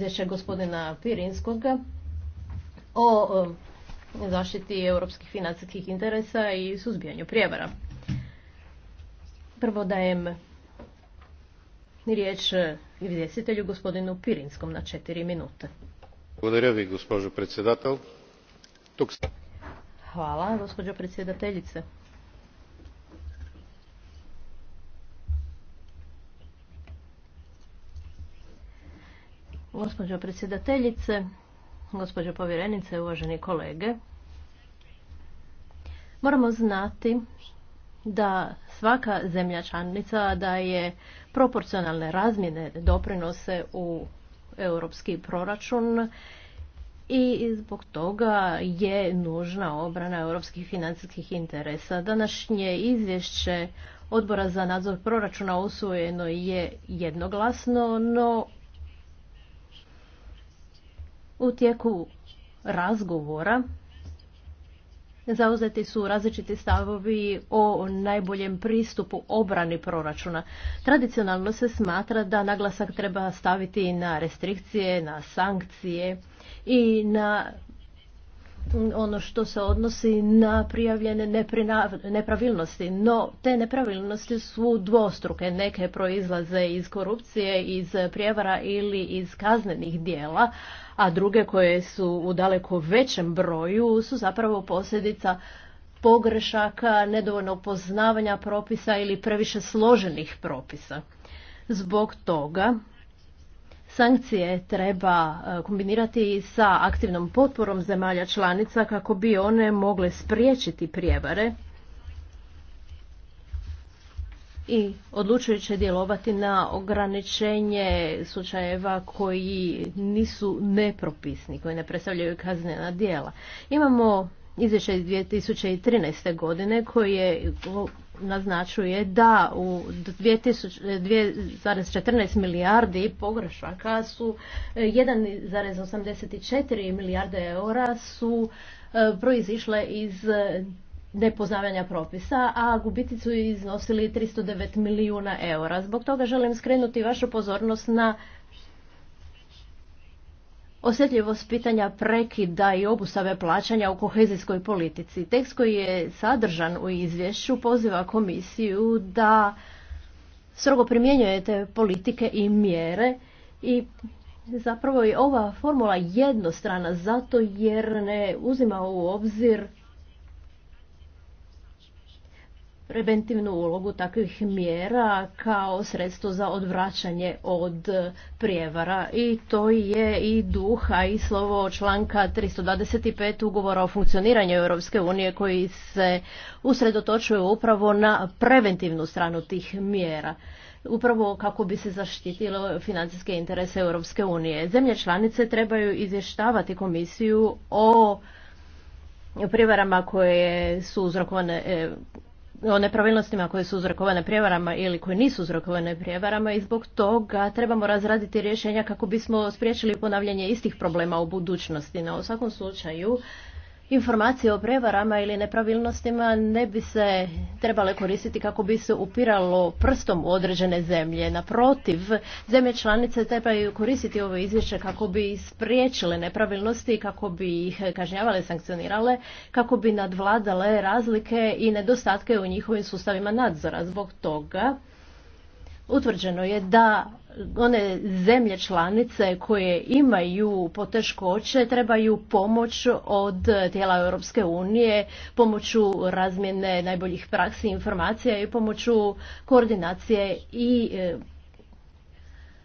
izvješće gospodina Pirinskoga o um, zaštiti europskih financijskih interesa i suzbijanju prijevara. Prvo dajem riječ izvjestitelju gospodinu Pirinskom na četiri minute. Hvala, gospođo predsjedateljice. Gospođo predsjedateljice, gospođo povjerenice, uvaženi kolege, moramo znati da svaka zemlja članica daje proporcionalne razmjene doprinose u europski proračun i zbog toga je nužna obrana europskih financijskih interesa. Današnje izvješće Odbora za nadzor proračuna usvojeno je jednoglasno, no u tijeku razgovora zauzeti su različiti stavovi o najboljem pristupu obrani proračuna. Tradicionalno se smatra da naglasak treba staviti na restrikcije, na sankcije i na ono što se odnosi na prijavljene nepravilnosti. No, te nepravilnosti su dvostruke. Neke proizlaze iz korupcije, iz prijevara ili iz kaznenih dijela, a druge koje su u daleko većem broju su zapravo posljedica pogrešaka, nedovoljnog poznavanja propisa ili previše složenih propisa. Zbog toga Sankcije treba e, kombinirati sa aktivnom potporom zemalja članica kako bi one mogle spriječiti prijevare i odlučujuće djelovati na ograničenje slučajeva koji nisu nepropisni, koji ne predstavljaju kaznena djela. Imamo izvješće iz 2013. godine koje naznačuje da u 2,14 milijardi pogrešaka su 1,84 e, milijarde eura su e, proizišle iz e, nepoznavanja propisa, a gubiti su iznosili 309 milijuna eura. Zbog toga želim skrenuti vašu pozornost na osjetljivost pitanja prekida i obustave plaćanja u kohezijskoj politici. Tekst koji je sadržan u izvješću poziva komisiju da strogo primjenjuje te politike i mjere i zapravo je ova formula jednostrana zato jer ne uzima u obzir preventivnu ulogu takvih mjera kao sredstvo za odvraćanje od prijevara i to je i duha i slovo članka 325 ugovora o funkcioniranju Europske unije koji se usredotočuje upravo na preventivnu stranu tih mjera upravo kako bi se zaštitilo financijske interese Europske unije. Zemlje članice trebaju izvještavati komisiju o prijevarama koje su uzrokovane e, o nepravilnostima koje su uzrokovane prijevarama ili koje nisu uzrokovane prijevarama i zbog toga trebamo razraditi rješenja kako bismo spriječili ponavljanje istih problema u budućnosti. No, u svakom slučaju informacije o prevarama ili nepravilnostima ne bi se trebale koristiti kako bi se upiralo prstom u određene zemlje. Naprotiv, zemlje članice trebaju koristiti ovo izvješće kako bi spriječile nepravilnosti, kako bi ih kažnjavale, sankcionirale, kako bi nadvladale razlike i nedostatke u njihovim sustavima nadzora. Zbog toga utvrđeno je da one zemlje članice koje imaju poteškoće trebaju pomoć od tijela Europske unije, pomoću razmjene najboljih praksi informacija i pomoću koordinacije i e,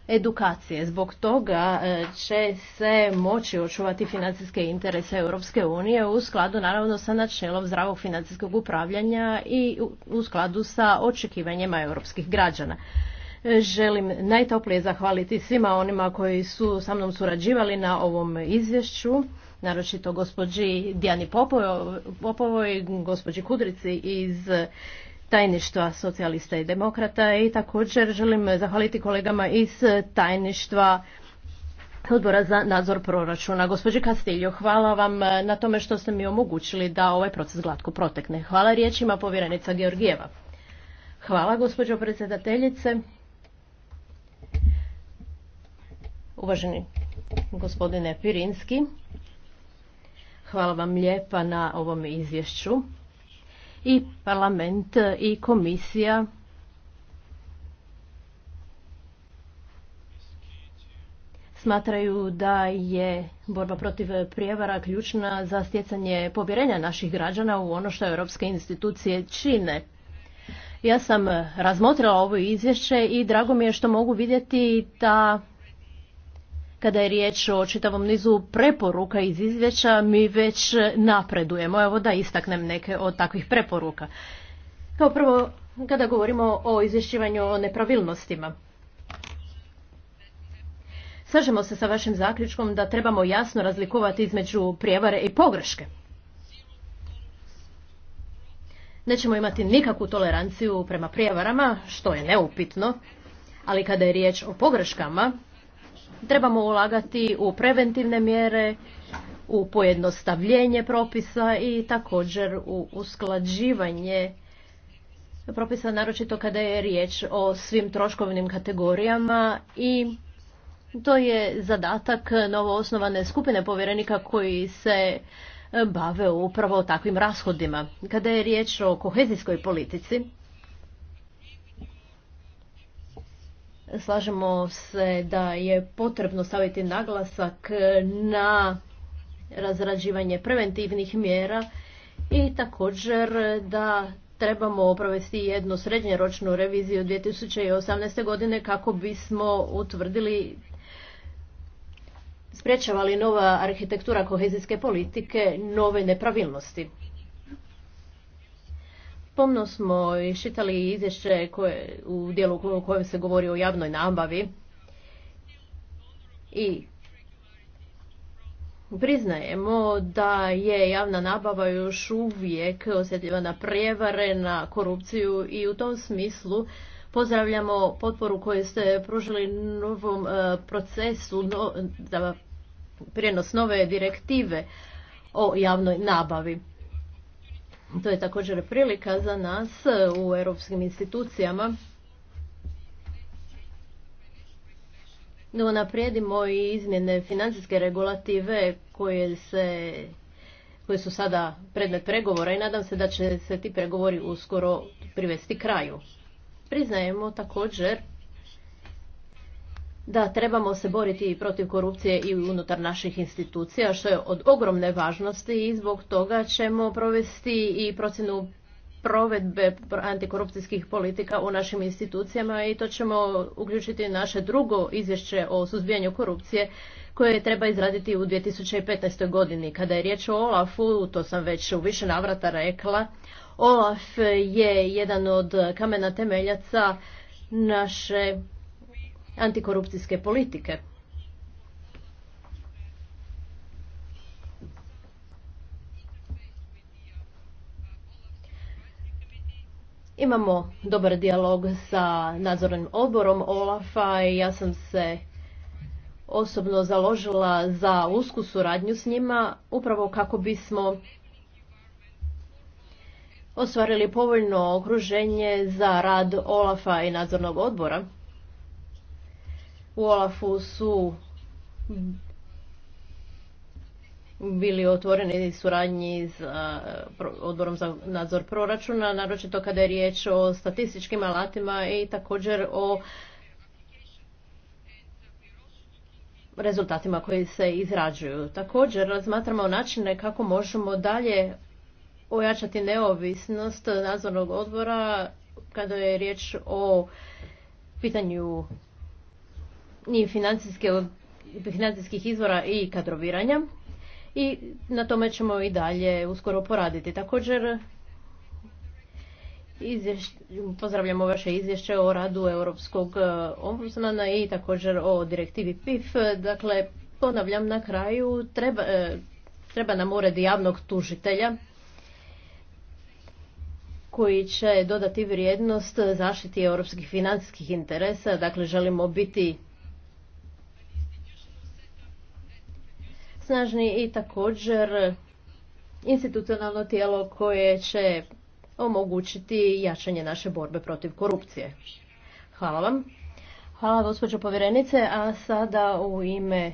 edukacije. Zbog toga e, će se moći očuvati financijske interese Europske unije u skladu naravno sa načelom zdravog financijskog upravljanja i u skladu sa očekivanjima europskih građana. Želim najtoplije zahvaliti svima onima koji su sa mnom surađivali na ovom izvješću, naročito gospođi Dijani Popovoj, gospođi Kudrici iz tajništva socijalista i demokrata i također želim zahvaliti kolegama iz tajništva Odbora za nadzor proračuna. Gospođi Kastiljo, hvala vam na tome što ste mi omogućili da ovaj proces glatko protekne. Hvala riječima povjerenica Georgijeva. Hvala gospođo predsjedateljice. Uvaženi gospodine Pirinski, hvala vam lijepa na ovom izvješću. I parlament i komisija smatraju da je borba protiv prijevara ključna za stjecanje povjerenja naših građana u ono što europske institucije čine. Ja sam razmotrila ovo izvješće i drago mi je što mogu vidjeti da kada je riječ o čitavom nizu preporuka iz izvješća, mi već napredujemo. Evo da istaknem neke od takvih preporuka. Kao prvo, kada govorimo o izvješćivanju o nepravilnostima. Slažemo se sa vašim zaključkom da trebamo jasno razlikovati između prijevare i pogreške. Nećemo imati nikakvu toleranciju prema prijevarama, što je neupitno, ali kada je riječ o pogreškama, Trebamo ulagati u preventivne mjere, u pojednostavljenje propisa i također u usklađivanje propisa, naročito kada je riječ o svim troškovnim kategorijama i to je zadatak novoosnovane skupine povjerenika koji se e, bave upravo takvim rashodima. Kada je riječ o kohezijskoj politici, Slažemo se da je potrebno staviti naglasak na razrađivanje preventivnih mjera i također da trebamo provesti jednu srednjeročnu reviziju 2018. godine kako bismo utvrdili sprječavali nova arhitektura kohezijske politike nove nepravilnosti. Pomno smo iščitali izvješće koje, u dijelu u kojem se govori o javnoj nabavi i priznajemo da je javna nabava još uvijek osjetljiva na prijevare, na korupciju i u tom smislu pozdravljamo potporu koju ste pružili novom e, procesu za prijenos nove direktive o javnoj nabavi. To je također prilika za nas e, u europskim institucijama unaprijedimo i izmjene financijske regulative koje se koje su sada predmet pregovora i nadam se da će se ti pregovori uskoro privesti kraju. Priznajemo također da trebamo se boriti protiv korupcije i unutar naših institucija, što je od ogromne važnosti i zbog toga ćemo provesti i procjenu provedbe antikorupcijskih politika u našim institucijama i to ćemo uključiti naše drugo izvješće o suzbijanju korupcije koje treba izraditi u 2015. godini. Kada je riječ o Olafu, to sam već u više navrata rekla, Olaf je jedan od kamena temeljaca naše antikorupcijske politike. Imamo dobar dijalog sa nadzornim odborom Olafa i ja sam se osobno založila za usku suradnju s njima upravo kako bismo ostvarili povoljno okruženje za rad Olafa i nadzornog odbora u Olafu su bili otvoreni suradnji s odborom za nadzor proračuna, naročito kada je riječ o statističkim alatima i također o rezultatima koji se izrađuju. Također razmatramo načine kako možemo dalje ojačati neovisnost nadzornog odbora kada je riječ o pitanju i financijskih izvora i kadroviranja i na tome ćemo i dalje uskoro poraditi. Također pozdravljamo vaše izvješće o radu Europskog e, ombudsmana i također o direktivi PIF. Dakle, ponavljam na kraju, treba, e, treba nam ured javnog tužitelja koji će dodati vrijednost zaštiti europskih financijskih interesa. Dakle, želimo biti snažni i također institucionalno tijelo koje će omogućiti jačanje naše borbe protiv korupcije. Hvala vam. Hvala gospođo povjerenice, a sada u ime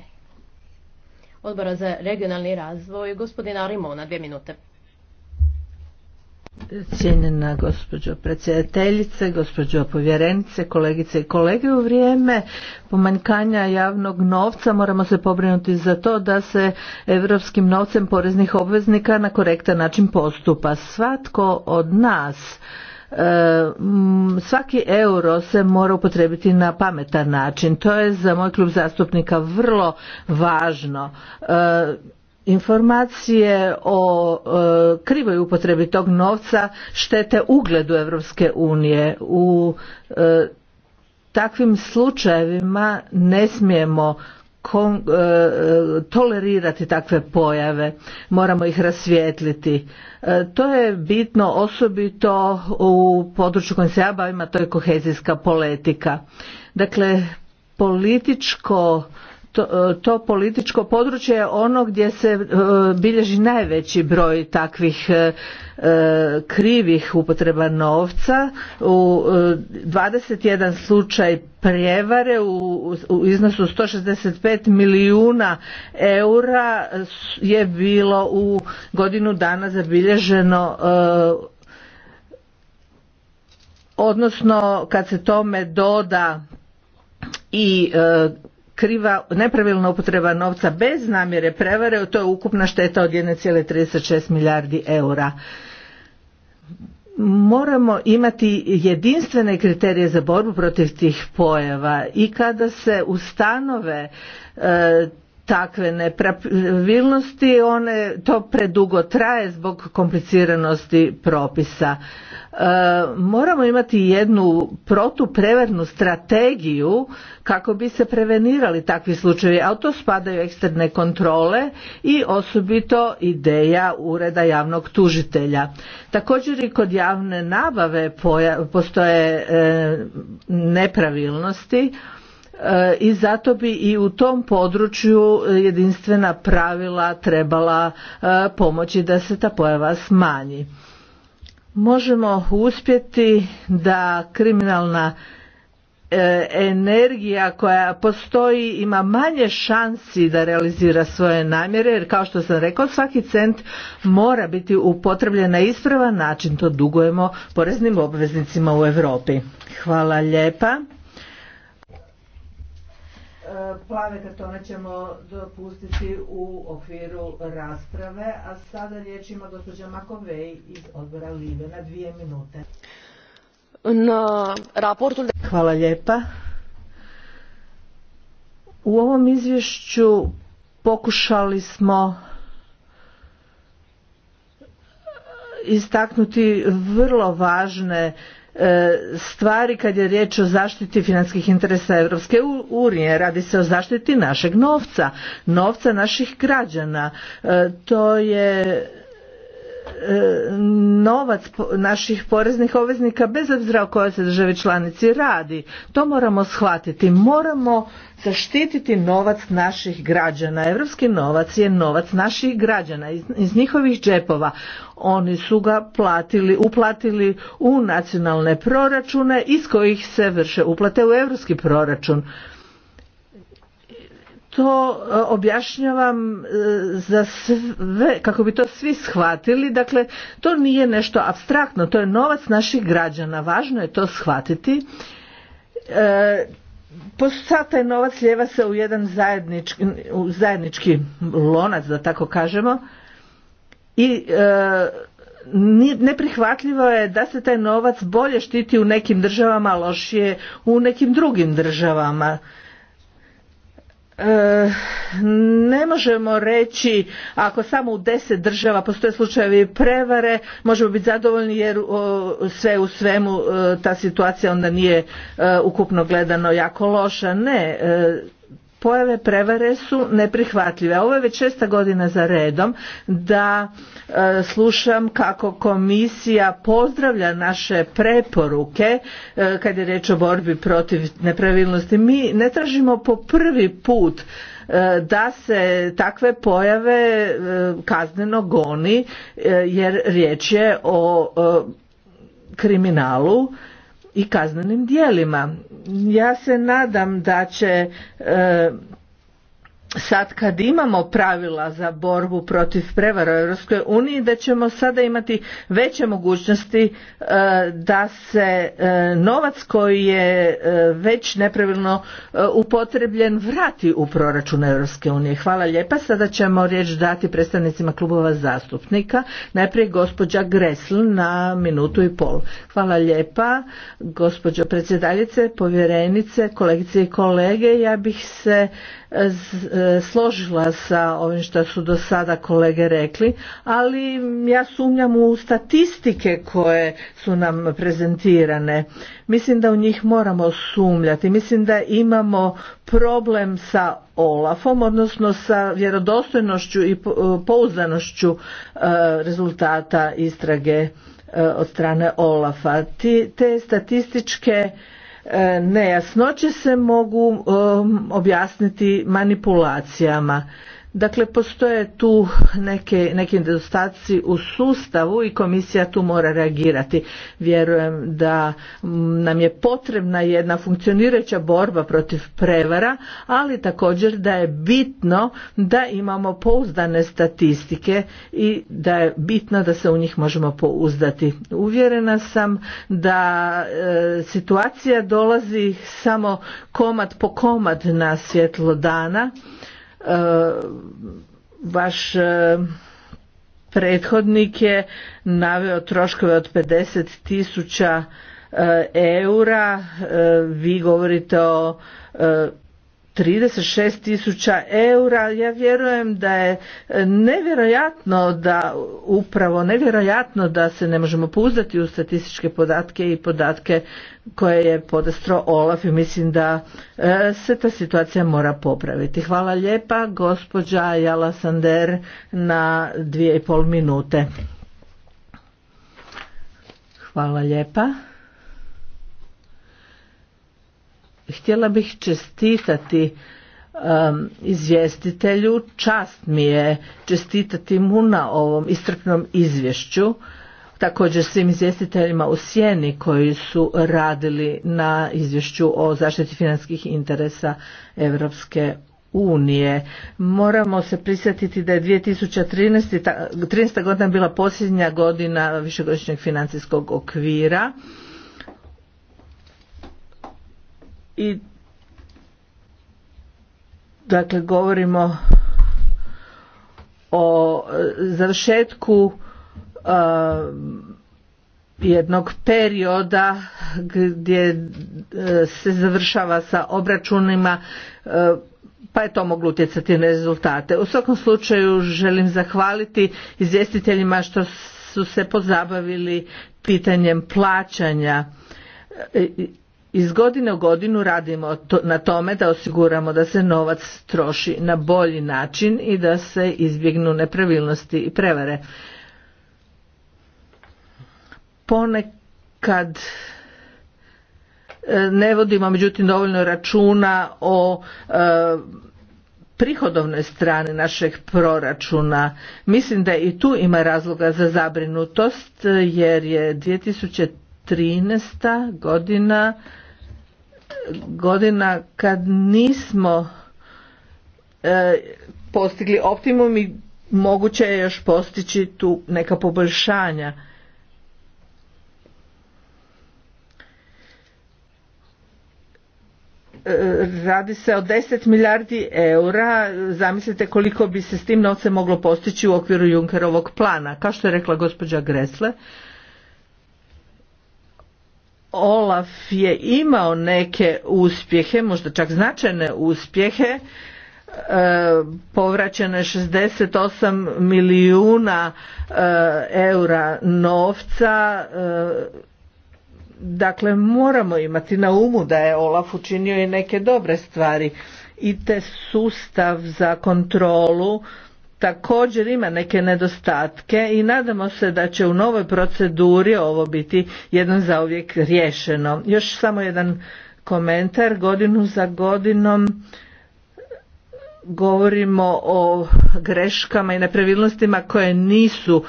Odbora za regionalni razvoj gospodina Arimona dvije minute. Cijenjena gospođo predsjedateljice, gospođo povjerenice, kolegice i kolege, u vrijeme pomanjkanja javnog novca moramo se pobrinuti za to da se europskim novcem poreznih obveznika na korektan način postupa. Svatko od nas e, svaki euro se mora upotrebiti na pametan način. To je za moj klub zastupnika vrlo važno. E, informacije o e, krivoj upotrebi tog novca štete ugledu Europske unije u e, takvim slučajevima ne smijemo e, tolerirati takve pojave moramo ih rasvijetliti to je bitno osobito u području kojim se ja bavim a to je kohezijska politika dakle političko E, to, političko područje je ono gdje se e, bilježi najveći broj takvih e, krivih upotreba novca u 21 slučaj prijevare u iznosu 165 milijuna eura je bilo u godinu dana zabilježeno odnosno kad se tome doda i kriva nepravilna upotreba novca bez namjere prevare, to je ukupna šteta od 1,36 milijardi eura. Moramo imati jedinstvene kriterije za borbu protiv tih pojava i kada se ustanove e, takve nepravilnosti, one to predugo traje zbog kompliciranosti propisa. E, moramo imati jednu protuprevernu strategiju kako bi se prevenirali takvi slučajevi, a to spadaju eksterne kontrole i osobito ideja ureda javnog tužitelja. Također i kod javne nabave postoje e, nepravilnosti i zato bi i u tom području jedinstvena pravila trebala e, pomoći da se ta pojava smanji. Možemo uspjeti da kriminalna e, energija koja postoji ima manje šansi da realizira svoje namjere jer kao što sam rekao svaki cent mora biti upotrebljen na ispravan način to dugujemo poreznim obveznicima u Europi. Hvala lijepa. Plave kartone ćemo dopustiti u okviru rasprave, a sada riječ ima gospođa Makovej iz odbora Live na dvije minute. Na raportu... Hvala lijepa. U ovom izvješću pokušali smo e, istaknuti vrlo važne E, stvari kad je riječ o zaštiti financijskih interesa Europske unije. Radi se o zaštiti našeg novca, novca naših građana. E, to je E, novac naših poreznih obveznika bez obzira o kojoj se državi članici radi. To moramo shvatiti. Moramo zaštititi novac naših građana. Europski novac je novac naših građana iz njihovih džepova. Oni su ga platili, uplatili u nacionalne proračune iz kojih se vrše uplate u europski proračun to e, objašnjavam e, za sve, kako bi to svi shvatili, dakle to nije nešto abstraktno, to je novac naših građana, važno je to shvatiti. E, sad taj novac ljeva se u jedan zajednički, u zajednički lonac, da tako kažemo, i e, neprihvatljivo je da se taj novac bolje štiti u nekim državama, lošije u nekim drugim državama. E, ne možemo reći ako samo u deset država postoje slučajevi prevare možemo biti zadovoljni jer sve u svemu e, ta situacija onda nije e, ukupno gledano jako loša ne pojave prevare su neprihvatljive ovo je već šesta godina za redom da E, slušam kako komisija pozdravlja naše preporuke e, kad je riječ o borbi protiv nepravilnosti. Mi ne tražimo po prvi put e, da se takve pojave kazneno goni jer riječ je o kriminalu i kaznenim dijelima. Ja se nadam da će sad kad imamo pravila za borbu protiv prevara u Europskoj uniji da ćemo sada imati veće mogućnosti e, da se e, novac koji je e, već nepravilno upotrebljen vrati u proračun Europske unije. Hvala lijepa. Sada ćemo riječ dati predstavnicima klubova zastupnika. Najprije gospođa Gresl na minutu i pol. Hvala lijepa gospođo predsjedaljice, povjerenice, kolegice i kolege. Ja bih se E, složila sa ovim što su do sada kolege rekli, ali ja sumnjam u statistike koje su nam prezentirane. Mislim da u njih moramo sumljati. Mislim da imamo problem sa Olafom, odnosno sa vjerodostojnošću i e, pouzdanošću e, rezultata istrage od strane Olafa. Te statističke E, nejasnoće se mogu e, objasniti manipulacijama Dakle, postoje tu neke, neki nedostaci u sustavu i komisija tu mora reagirati. Vjerujem da nam je potrebna jedna funkcionirajuća borba protiv prevara, ali također da je bitno da imamo pouzdane statistike i da je bitno da se u njih možemo pouzdati. Uvjerena sam da e, situacija dolazi samo komad po komad na svjetlo dana vaš e, prethodnik je naveo troškove od 50 tisuća e, eura, e, vi govorite o 36 tisuća eura. Ja vjerujem da je e, nevjerojatno da upravo nevjerojatno da se ne možemo pouzdati u statističke podatke i podatke koje je podastro Olaf i mislim da e, se ta situacija mora popraviti. Hvala lijepa gospođa Jala Sander na dvije i pol minute. Hvala lijepa. Htjela bih čestitati um, izvjestitelju, čast mi je čestitati mu na ovom istrpnom izvješću, također svim izvjestiteljima u Sjeni koji su radili na izvješću o zaštiti financijskih interesa Europske unije. Moramo se prisjetiti da je 2013. 13. godina bila posljednja godina višegodišnjeg financijskog okvira i dakle govorimo o e, završetku e, jednog perioda gdje e, se završava sa obračunima pa je to moglo utjecati na rezultate. U svakom slučaju želim zahvaliti izvjestiteljima što su se pozabavili pitanjem plaćanja iz godine u godinu radimo na tome da osiguramo da se novac troši na bolji način i da se izbjegnu nepravilnosti i prevare. Ponekad e, ne vodimo međutim dovoljno računa o e, prihodovnoj strani našeg proračuna. Mislim da i tu ima razloga za zabrinutost jer je 2013. godina godina kad nismo e, postigli optimum i moguće je još postići tu neka poboljšanja. E, radi se o 10 milijardi eura, zamislite koliko bi se s tim novcem moglo postići u okviru Junkerovog plana. Kao što je rekla gospođa Gresle, Olaf je imao neke uspjehe, možda čak značajne uspjehe, e, povraćeno je 68 milijuna e, eura novca e, dakle moramo imati na umu da je Olaf učinio i neke dobre stvari i te sustav za kontrolu također ima neke nedostatke i nadamo se da će u novoj proceduri ovo biti jednom zauvijek riješeno. Još samo jedan komentar, godinu za godinom govorimo o greškama i nepravilnostima koje nisu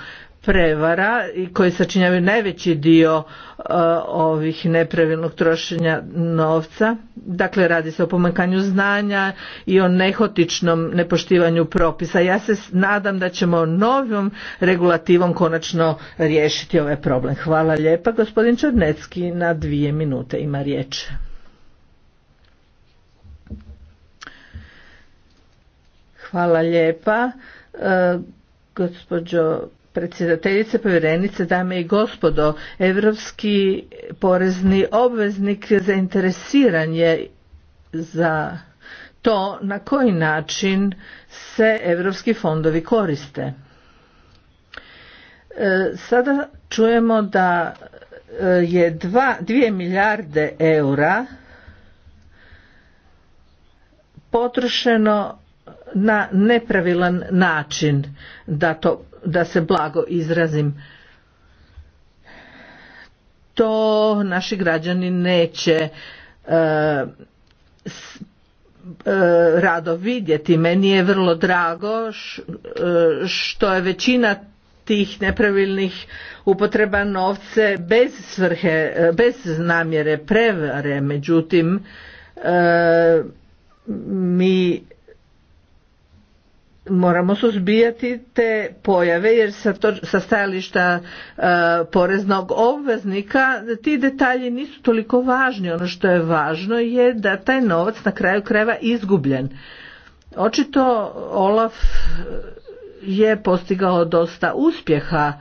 prevara i koje sačinjavaju najveći dio e, ovih nepravilnog trošenja novca. Dakle, radi se o pomankanju znanja i o nehotičnom nepoštivanju propisa. Ja se nadam da ćemo novom regulativom konačno riješiti ovaj problem. Hvala lijepa. Gospodin Črnecki na dvije minute ima riječ. Hvala lijepa. Gospodin e, gospođo predsjedateljice povjerenice dame i gospodo europski porezni obveznik zainteresiran je za to na koji način se europski fondovi koriste e, sada čujemo da e, je dva, dvije milijarde eura potrošeno na nepravilan način da to da se blago izrazim to naši građani neće e, e rado vidjeti meni je vrlo drago e, što je većina tih nepravilnih upotreba novce bez svrhe e, bez namjere prevare međutim moramo suzbijati te pojave jer sa, to, sa stajališta e, poreznog obveznika ti detalji nisu toliko važni. Ono što je važno je da taj novac na kraju krajeva izgubljen. Očito Olaf je postigao dosta uspjeha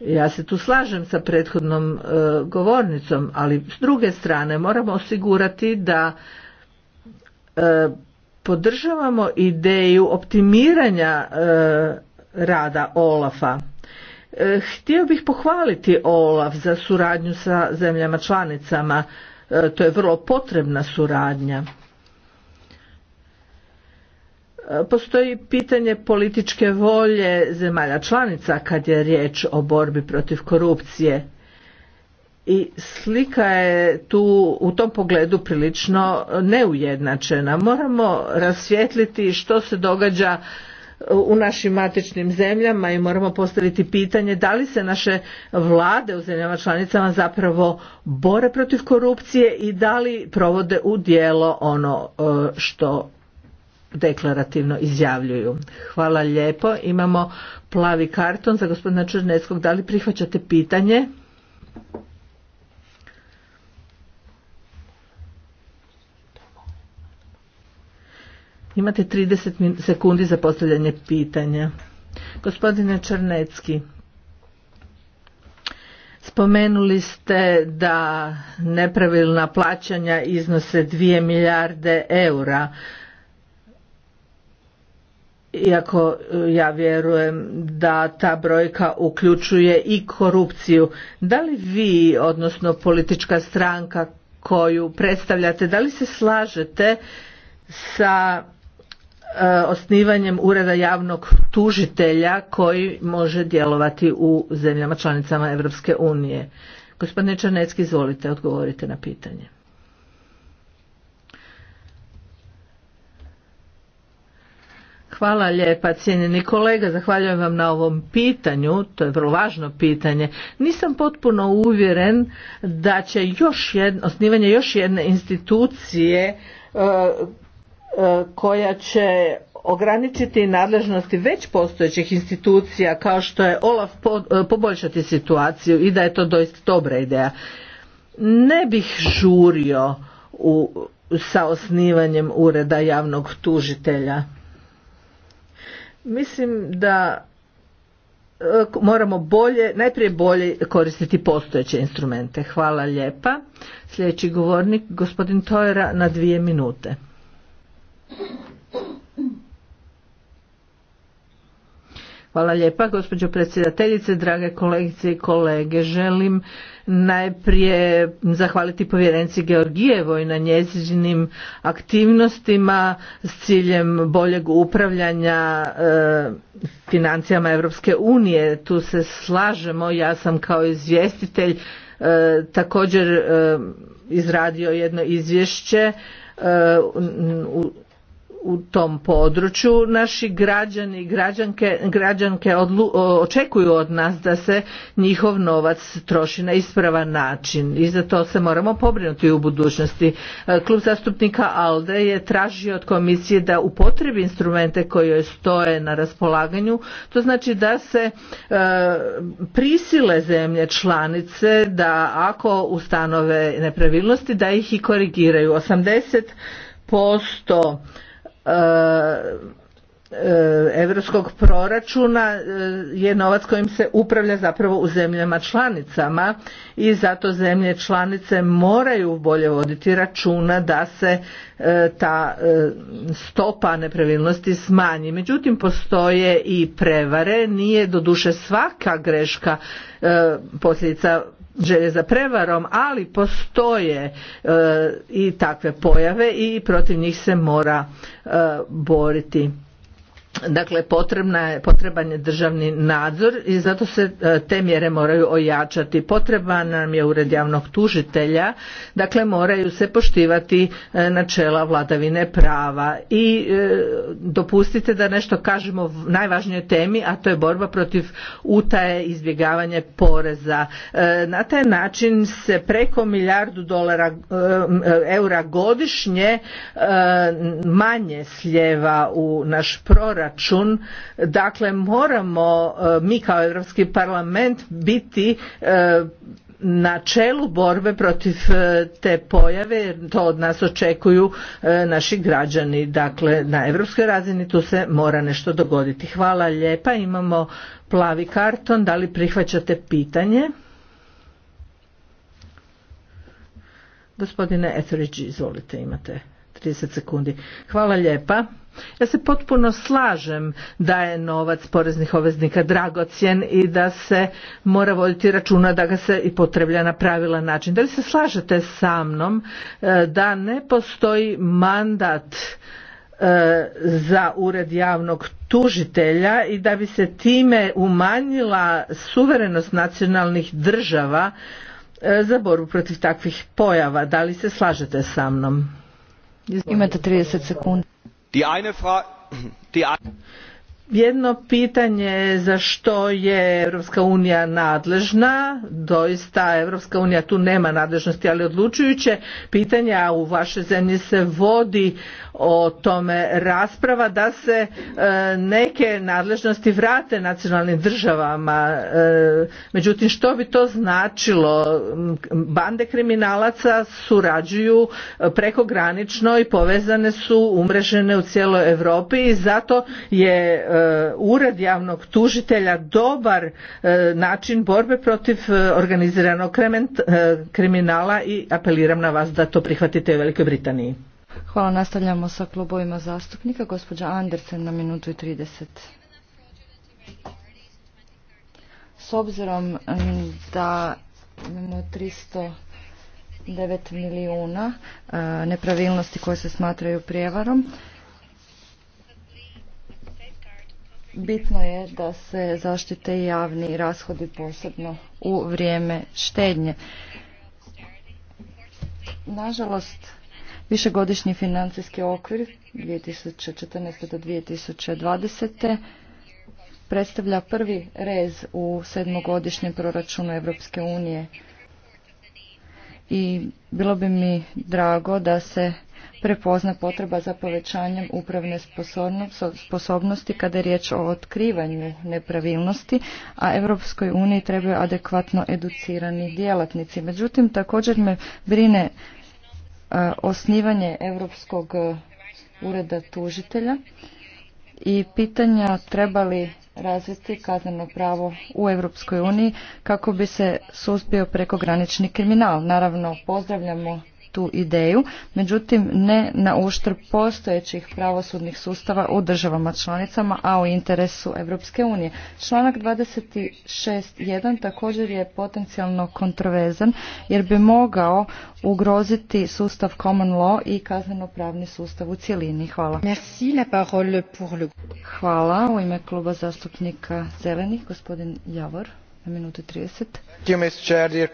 ja se tu slažem sa prethodnom e, govornicom, ali s druge strane moramo osigurati da e, podržavamo ideju optimiranja e, rada Olafa. E, htio bih pohvaliti Olaf za suradnju sa zemljama članicama. E, to je vrlo potrebna suradnja. Postoji pitanje političke volje zemalja članica kad je riječ o borbi protiv korupcije i slika je tu u tom pogledu prilično neujednačena. Moramo rasvjetliti što se događa u našim matičnim zemljama i moramo postaviti pitanje da li se naše vlade u zemljama članicama zapravo bore protiv korupcije i da li provode u djelo ono e, što deklarativno izjavljuju. Hvala lijepo. Imamo plavi karton za gospodina Črneckog. Da li prihvaćate pitanje? Imate 30 sekundi za postavljanje pitanja. Gospodine Črnecki, spomenuli ste da nepravilna plaćanja iznose 2 milijarde eura. Iako e, ja vjerujem da ta brojka uključuje i korupciju, da li vi, odnosno politička stranka koju predstavljate, da li se slažete sa Eh, osnivanjem ureda javnog tužitelja koji može djelovati u zemljama članicama Europske unije. Gospodine Čanecki, izvolite, odgovorite na pitanje. Hvala lijepa cijenjeni kolega, zahvaljujem vam na ovom pitanju, to je vrlo važno pitanje. Nisam potpuno uvjeren da će još jedno, osnivanje još jedne institucije eh, E, koja će ograničiti nadležnosti već postojećih institucija kao što je Olaf e, poboljšati situaciju i da je to doista dobra ideja. Ne bih žurio u, sa osnivanjem ureda javnog tužitelja. Mislim da e, moramo bolje, najprije bolje koristiti postojeće instrumente. Hvala lijepa. Sljedeći govornik, gospodin Tojera, na dvije minute. Hvala lijepa gospođo predsjedateljice, drage kolegice i kolege. Želim najprije zahvaliti povjerenci Georgijevoj na njezinim aktivnostima s ciljem boljeg upravljanja e, financijama Europske unije. Tu se slažemo, ja sam kao izvjestitelj e, također e, izradio jedno izvješće u u tom području. Naši građani i građanke, građanke očekuju od nas da se njihov novac troši na ispravan način i za to se moramo pobrinuti u budućnosti. E, Klub zastupnika ALDE je tražio od komisije da upotrebi instrumente koje joj stoje na raspolaganju, to znači da se e, prisile zemlje članice da ako ustanove nepravilnosti da ih i korigiraju. 80% posto europskog eh, proračuna eh, je novac kojim se upravlja zapravo u zemljama članicama i zato zemlje članice moraju bolje voditi računa da se eh, ta stopa nepravilnosti smanji. Međutim, postoje i prevare, nije doduše svaka greška posljedica želje za prevarom, ali postoje e, i takve pojave i protiv njih se mora e, boriti. Dakle, potrebna je, potreban je državni nadzor i zato se e, te mjere moraju ojačati. Potreban nam je ured javnog tužitelja, dakle moraju se poštivati e, načela vladavine prava i e, dopustite da nešto kažemo o najvažnijoj temi, a to je borba protiv utaje izbjegavanje poreza. Na taj način se preko milijardu dolara, eura godišnje manje sljeva u naš proračun račun. dakle moramo e, mi kao europski parlament biti e, na čelu borbe protiv e, te pojave jer to od nas očekuju naši građani dakle na europskoj razini tu se mora nešto dogoditi hvala lijepa imamo plavi karton da li prihvaćate pitanje Gospodine Etheridge, izvolite, imate 30 sekundi. Hvala lijepa. Ja se potpuno slažem da je novac poreznih obveznika dragocjen i da se mora voditi računa da ga se i potreblja na pravilan način. Da li se slažete sa mnom e, da ne postoji mandat e, za ured javnog tužitelja i da bi se time umanjila suverenost nacionalnih država e, za borbu protiv takvih pojava. Da li se slažete sa mnom? Imate 30 sekundi. Jedno pitanje je za što je Europska unija nadležna, doista Europska unija tu nema nadležnosti, ali odlučujuće pitanje, a u vašoj zemlji se vodi o tome rasprava da se e, neke nadležnosti vrate nacionalnim državama. E, međutim, što bi to značilo? Bande kriminalaca surađuju prekogranično i povezane su, umrežene u cijeloj Europi i zato je e, ured javnog tužitelja dobar način borbe protiv organiziranog kriminala i apeliram na vas da to prihvatite u Velikoj Britaniji. Hvala, nastavljamo sa klubovima zastupnika. Gospođa Andersen na minutu i 30. S obzirom da imamo 309 milijuna e, nepravilnosti koje se smatraju prijevarom. Bitno je da se zaštite javni rashodi posebno u vrijeme štednje. Nažalost, višegodišnji financijski okvir 2014. do 2020. predstavlja prvi rez u sedmogodišnjem proračunu Europske unije i bilo bi mi drago da se prepozna potreba za povećanjem upravne sposobnosti kada je riječ o otkrivanju nepravilnosti, a Europskoj uniji trebaju adekvatno educirani djelatnici. Međutim, također me brine osnivanje Europskog e, ureda tužitelja i pitanja treba li razviti kazneno pravo u Europskoj uniji kako bi se suzbio prekogranični kriminal. Naravno, pozdravljamo tu ideju, međutim ne na uštrb postojećih pravosudnih sustava u državama članicama, a u interesu Europske unije. Članak 26.1 također je potencijalno kontrovezan jer bi mogao ugroziti sustav common law i kazneno-pravni sustav u cjelini. Hvala. Merci, la parole pour le... Hvala. U ime kluba zastupnika Zelenih, gospodin Javor, na minutu 30.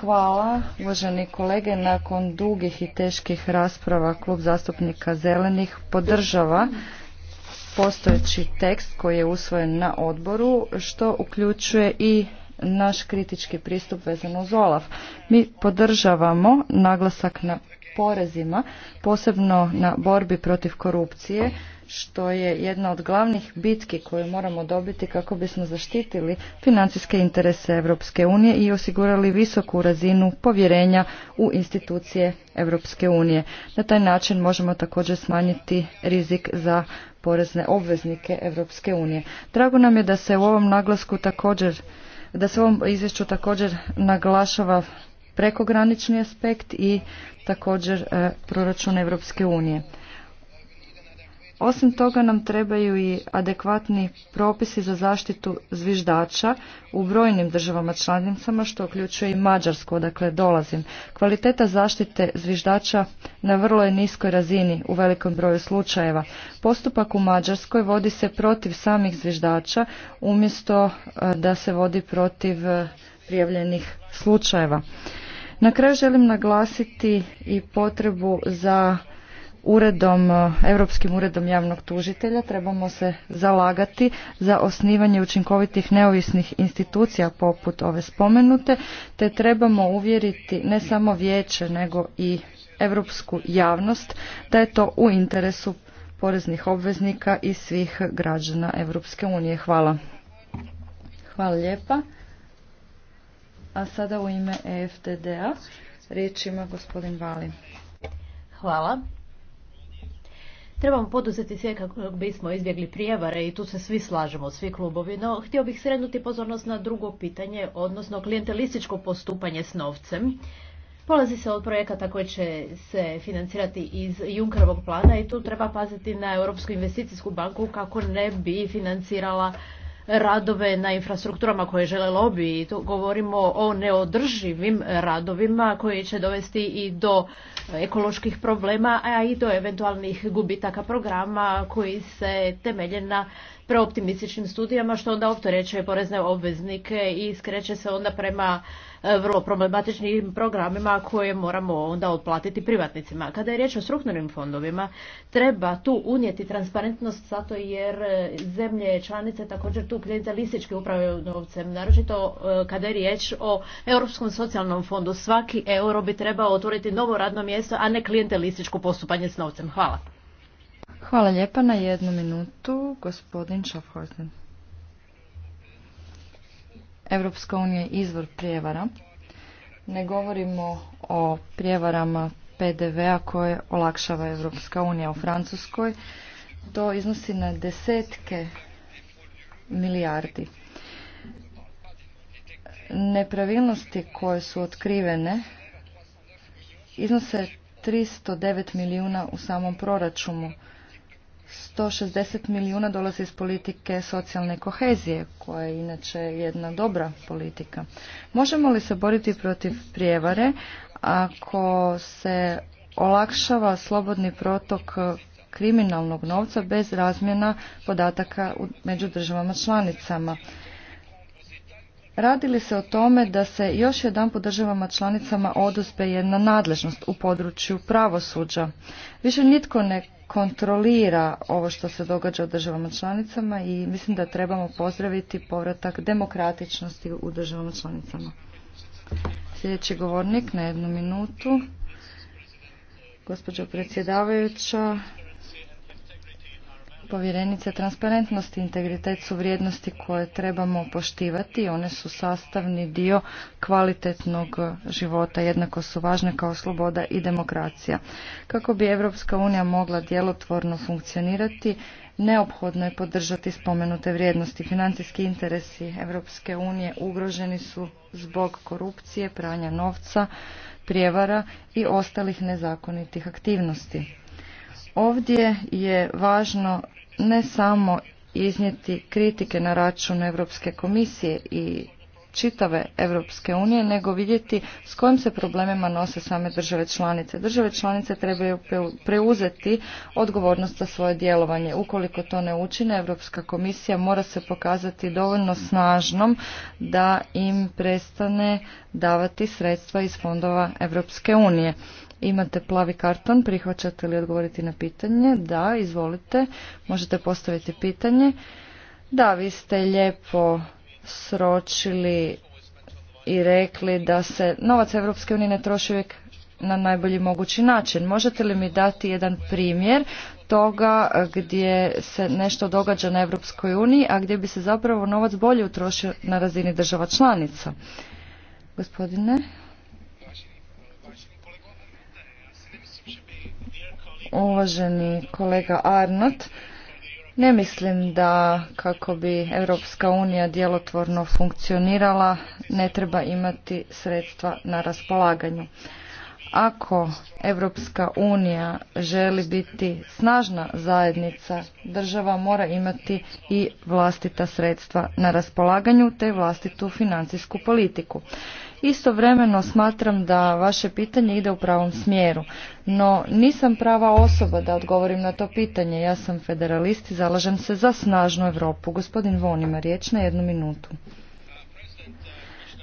Hvala, uvaženi kolege. Nakon dugih i teških rasprava Klub zastupnika Zelenih podržava postojeći tekst koji je usvojen na odboru, što uključuje i naš kritički pristup vezano uz OLAF. Mi podržavamo naglasak na porezima, posebno na borbi protiv korupcije, što je jedna od glavnih bitki koju moramo dobiti kako bismo zaštitili financijske interese Europske unije i osigurali visoku razinu povjerenja u institucije Europske unije. Na taj način možemo također smanjiti rizik za porezne obveznike Europske unije. Drago nam je da se u ovom naglasku također da se u ovom izvješću također naglašava prekogranični aspekt i također e, proračun Europske unije. Osim toga nam trebaju i adekvatni propisi za zaštitu zviždača u brojnim državama članicama, što uključuje i Mađarsku, odakle dolazim. Kvaliteta zaštite zviždača na vrlo je niskoj razini u velikom broju slučajeva. Postupak u Mađarskoj vodi se protiv samih zviždača umjesto e, da se vodi protiv e, prijavljenih slučajeva. Na kraju želim naglasiti i potrebu za uredom, e, Europskim uredom javnog tužitelja trebamo se zalagati za osnivanje učinkovitih neovisnih institucija poput ove spomenute, te trebamo uvjeriti ne samo vijeće nego i europsku javnost da je to u interesu poreznih obveznika i svih građana Europske unije. Hvala. Hvala lijepa. A sada u ime EFTDA riječ ima gospodin Vali. Hvala. Trebamo poduzeti sve kako bismo izbjegli prijevare i tu se svi slažemo, svi klubovi, no htio bih srednuti pozornost na drugo pitanje, odnosno klijentelističko postupanje s novcem. Polazi se od projekata koji će se financirati iz Junkerovog plana i tu treba paziti na Europsku investicijsku banku kako ne bi financirala radove na infrastrukturama koje žele lobby. Tu govorimo o neodrživim radovima koji će dovesti i do ekoloških problema, a i do eventualnih gubitaka programa koji se temelje na preoptimističnim studijama, što onda opterećuje porezne obveznike i skreće se onda prema E, vrlo problematičnim programima koje moramo onda otplatiti privatnicima. Kada je riječ o strukturnim fondovima, treba tu unijeti transparentnost zato jer e, zemlje članice također tu listički upravljaju novcem, naročito e, kada je riječ o Europskom socijalnom fondu. Svaki euro bi trebao otvoriti novo radno mjesto, a ne klijentelističko postupanje s novcem. Hvala. Hvala lijepa na jednu minutu, gospodin Schaffhausen. Evropska unija je izvor prijevara. Ne govorimo o prijevarama PDV-a koje olakšava Europska unija u Francuskoj. To iznosi na desetke milijardi. Nepravilnosti koje su otkrivene iznose 309 milijuna u samom proračunu 160 milijuna dolazi iz politike socijalne kohezije, koja je inače jedna dobra politika. Možemo li se boriti protiv prijevare ako se olakšava slobodni protok kriminalnog novca bez razmjena podataka među državama članicama? Radili se o tome da se još jedan po državama članicama oduspe jedna nadležnost u području pravosuđa. Više nitko ne kontrolira ovo što se događa u državama članicama i mislim da trebamo pozdraviti povratak demokratičnosti u državama članicama. Sljedeći govornik na jednu minutu. Gospođo predsjedavajuća, povjerenice, transparentnost i integritet su vrijednosti koje trebamo poštivati. One su sastavni dio kvalitetnog života, jednako su važne kao sloboda i demokracija. Kako bi Europska unija mogla djelotvorno funkcionirati, neophodno je podržati spomenute vrijednosti. Financijski interesi Europske unije ugroženi su zbog korupcije, pranja novca, prijevara i ostalih nezakonitih aktivnosti. Ovdje je važno ne samo iznijeti kritike na račun Europske komisije i čitave Europske unije, nego vidjeti s kojim se problemima nose same države članice. Države članice trebaju preuzeti odgovornost za svoje djelovanje. Ukoliko to ne učine, Europska komisija mora se pokazati dovoljno snažnom da im prestane davati sredstva iz fondova Europske unije. Imate plavi karton, prihvaćate li odgovoriti na pitanje? Da, izvolite, možete postaviti pitanje. Da, vi ste lijepo sročili i rekli da se novac Evropske unije ne troši uvijek na najbolji mogući način. Možete li mi dati jedan primjer toga gdje se nešto događa na Evropskoj uniji, a gdje bi se zapravo novac bolje utrošio na razini država članica? Gospodine uvaženi kolega Arnot, Ne mislim da kako bi Europska unija djelotvorno funkcionirala ne treba imati sredstva na raspolaganju. Ako Europska unija želi biti snažna zajednica, država mora imati i vlastita sredstva na raspolaganju te vlastitu financijsku politiku. Istovremeno smatram da vaše pitanje ide u pravom smjeru, no nisam prava osoba da odgovorim na to pitanje. Ja sam federalist i zalažem se za snažnu Europu. Gospodin Vonima, riječ na jednu minutu.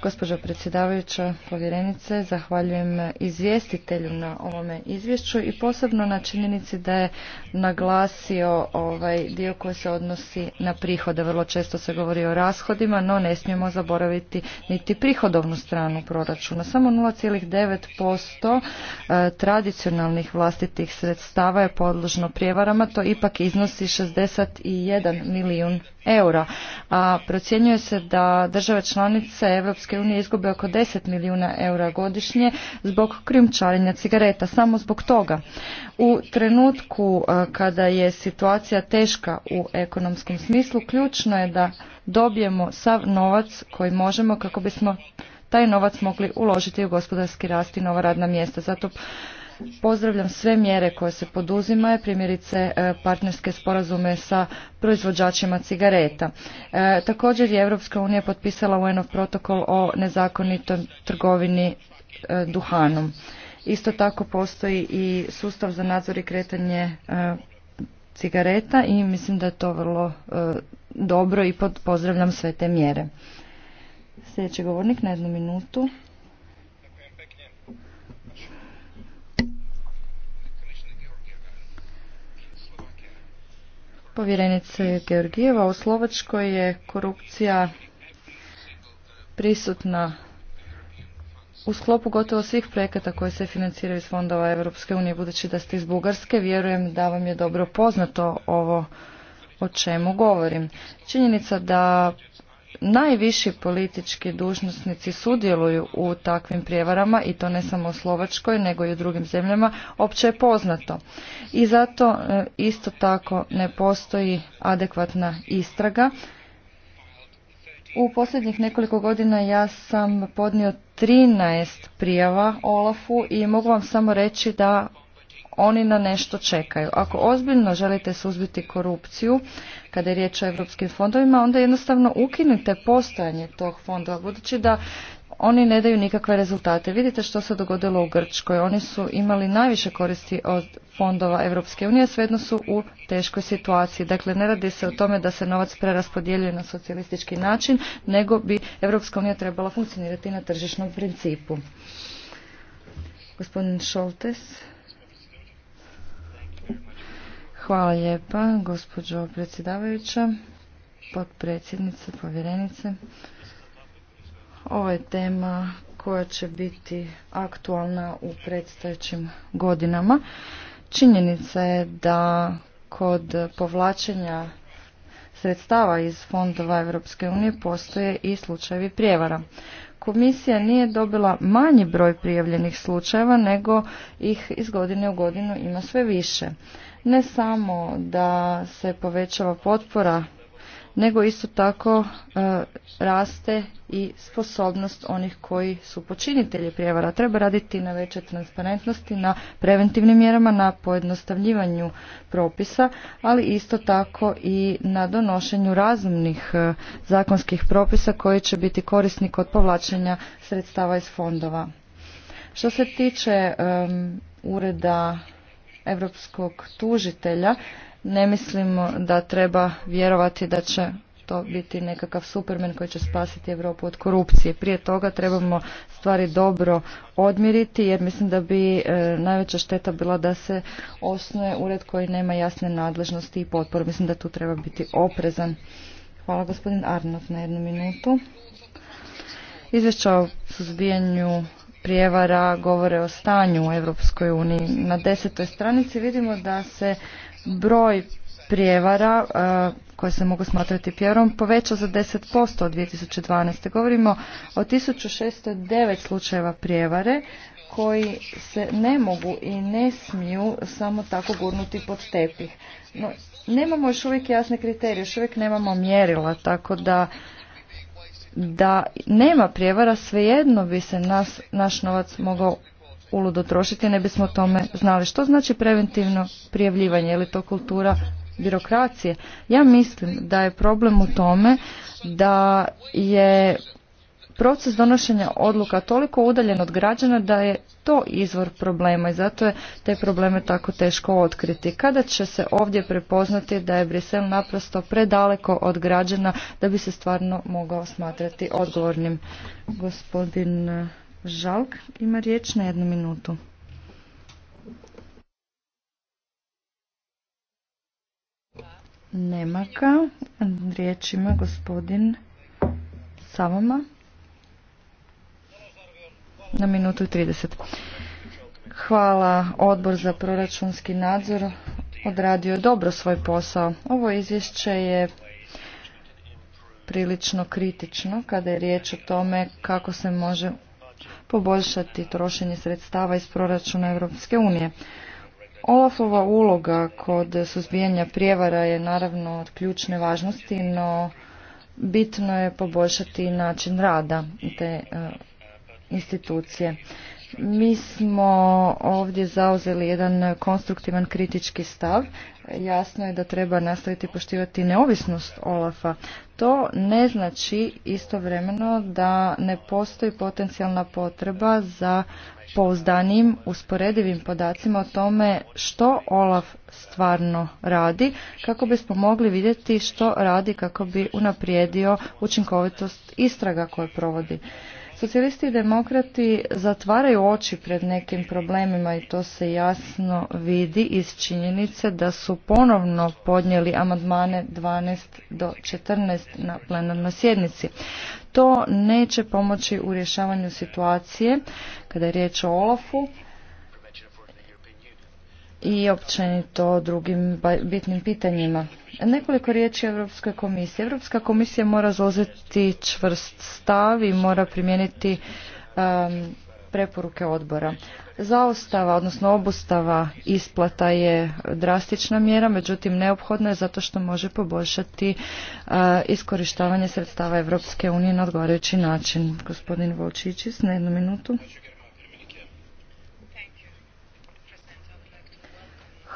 Gospođo predsjedavajuća povjerenice, zahvaljujem izvjestitelju na ovome izvješću i posebno na činjenici da je naglasio ovaj dio koji se odnosi na prihode. Vrlo često se govori o rashodima, no ne smijemo zaboraviti niti prihodovnu stranu proračuna. Samo 0,9% e, tradicionalnih vlastitih sredstava je podložno prijevarama, to ipak iznosi 61 milijun eura, a procjenjuje se da države članice Evropske Europske unije izgube oko 10 milijuna eura godišnje zbog krijumčarenja cigareta, samo zbog toga. U trenutku e, kada je situacija teška u ekonomskom smislu, ključno je da dobijemo sav novac koji možemo kako bismo taj novac mogli uložiti u gospodarski rast i nova radna mjesta. Zato Pozdravljam sve mjere koje se poduzimaju, primjerice e, partnerske sporazume sa proizvođačima cigareta. E, također je Europska unija potpisala UN-ov protokol o nezakonitom trgovini e, duhanom. Isto tako postoji i sustav za nadzor i kretanje cigareta i mislim da je to vrlo dobro i pozdravljam sve te mjere. Sljedeći govornik na jednu minutu. povjerenice Georgijeva, u Slovačkoj je korupcija prisutna u sklopu gotovo svih projekata koje se financiraju iz fondova Europske unije, budući da ste iz Bugarske, vjerujem da vam je dobro poznato ovo o čemu govorim. Činjenica da najviši politički dužnosnici sudjeluju u takvim prijevarama i to ne samo u Slovačkoj nego i u drugim zemljama opće je poznato. I zato e, isto tako ne postoji adekvatna istraga. U posljednjih nekoliko godina ja sam podnio 13 prijava Olafu i mogu vam samo reći da oni na nešto čekaju. Ako ozbiljno želite suzbiti korupciju, kada je riječ o europskim fondovima, onda jednostavno ukinite postojanje tog fonda, budući da oni ne daju nikakve rezultate. Vidite što se dogodilo u Grčkoj. Oni su imali najviše koristi od fondova Europske unije, svejedno su u teškoj situaciji. Dakle, ne radi se o tome da se novac preraspodjeljuje na socijalistički način, nego bi Europska unija trebala funkcionirati na tržišnom principu. Gospodin Šoltes. Hvala lijepa, gospođo predsjedavajuća, potpredsjednice, povjerenice. Ovo je tema koja će biti aktualna u predstojećim godinama. Činjenica je da kod povlačenja sredstava iz fondova Europske unije postoje i slučajevi prijevara. Komisija nije dobila manji broj prijavljenih slučajeva, nego ih iz godine u godinu ima sve više ne samo da se povećava potpora, nego isto tako e, raste i sposobnost onih koji su počinitelji prijevara. Treba raditi na većoj transparentnosti, na preventivnim mjerama, na pojednostavljivanju propisa, ali isto tako i na donošenju razumnih e, zakonskih propisa koji će biti korisni kod povlačenja sredstava iz fondova. Što se tiče ureda europskog tužitelja ne mislimo da treba vjerovati da će to biti nekakav supermen koji će spasiti Europu od korupcije. Prije toga trebamo stvari dobro odmiriti jer mislim da bi e, najveća šteta bila da se osnuje ured koji nema jasne nadležnosti i potporu. Mislim da tu treba biti oprezan. Hvala gospodin Arnot na jednu minutu. Izvješća o suzbijanju prijevara govore o stanju u Europskoj uniji. Na desetoj stranici vidimo da se broj prijevara e, koje se mogu smatrati pjerom poveća za 10% od 2012. Govorimo o 1609 slučajeva prijevare koji se ne mogu i ne smiju samo tako gurnuti pod tepih. No, nemamo još uvijek jasne kriterije, još uvijek nemamo mjerila, tako da da nema prijevara, svejedno bi se nas, naš novac mogao uludo trošiti, ne bismo o tome znali. Što znači preventivno prijavljivanje? Je li to kultura birokracije? Ja mislim da je problem u tome da je proces donošenja odluka toliko udaljen od građana da je to izvor problema i zato je te probleme tako teško otkriti. Kada će se ovdje prepoznati da je Brisel naprosto predaleko od građana da bi se stvarno mogao smatrati odgovornim? Gospodin eh, Žalk ima riječ na jednu minutu. Nemaka. Riječ ima gospodin Savoma na minutu i 30. Hvala odbor za proračunski nadzor. Odradio je dobro svoj posao. Ovo izvješće je prilično kritično kada je riječ o tome kako se može poboljšati trošenje sredstava iz proračuna Europske unije. Olafova uloga kod suzbijanja prijevara je naravno od ključne važnosti, no bitno je poboljšati način rada te e, institucije. Mi smo ovdje zauzeli jedan konstruktivan kritički stav. Jasno je da treba nastaviti poštivati neovisnost Olafa. To ne znači istovremeno da ne postoji potencijalna potreba za pouzdanim, usporedivim podacima o tome što Olaf stvarno radi kako bismo mogli vidjeti što radi kako bi unaprijedio učinkovitost istraga koje provodi. Socijalisti i demokrati zatvaraju oči pred nekim problemima i to se jasno vidi iz činjenice da su ponovno podnijeli amandmane 12 do 14 na plenarnoj sjednici. To neće pomoći u rješavanju situacije kada je riječ o Olofu i općenito o drugim bitnim pitanjima. Nekoliko riječi o Europskoj komisiji. Europska komisija mora zauzeti čvrst stav i mora primijeniti preporuke odbora. Zaostava, odnosno obustava isplata je drastična mjera, međutim neophodna je zato što može poboljšati eh, iskorištavanje sredstava Europske unije na odgovarajući način. Gospodin Volčićis, na jednu minutu.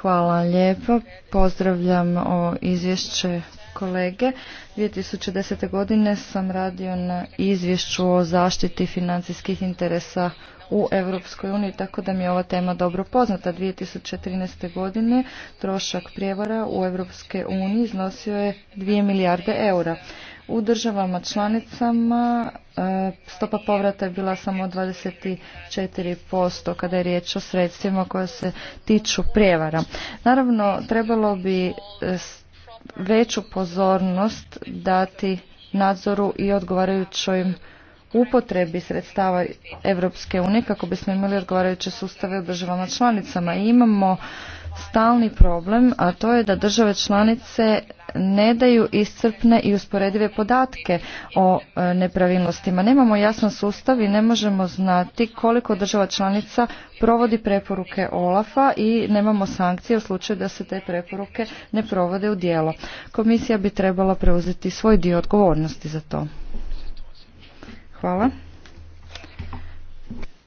Hvala lijepo. Pozdravljam o izvješće kolege. 2010. godine sam radio na izvješću o zaštiti financijskih interesa u Europskoj uniji, tako da mi je ova tema dobro poznata. 2013. godine trošak prijevara u Europske uniji iznosio je 2 milijarde eura. U državama članicama e, stopa povrata je bila samo 24% kada je riječ o sredstvima koja se tiču prijevara. Naravno, trebalo bi e, veću pozornost dati nadzoru i odgovarajućoj upotrebi sredstava Europske unije kako bismo imali odgovarajuće sustave u državama članicama. imamo stalni problem, a to je da države članice ne daju iscrpne i usporedive podatke o e, nepravilnostima. Nemamo jasan sustav i ne možemo znati koliko država članica provodi preporuke OLAFA i nemamo sankcije u slučaju da se te preporuke ne provode u dijelo. Komisija bi trebala preuzeti svoj dio odgovornosti za to. Hvala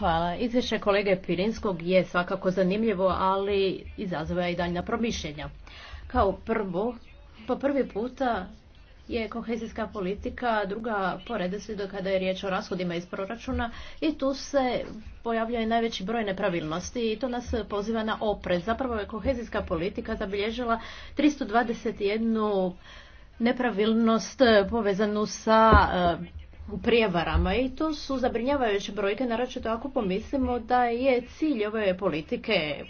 Hvala. Izvješće kolege Pirinskog je svakako zanimljivo, ali izazove i daljna promišljenja. Kao prvo, po prvi puta je kohezijska politika druga po do kada je riječ o rashodima iz proračuna i tu se i najveći broj nepravilnosti i to nas poziva na oprez. Zapravo je kohezijska politika zabilježila 321 nepravilnost povezanu sa u prijevarama i to su zabrinjavajuće brojke, naročito ako pomislimo da je cilj ove politike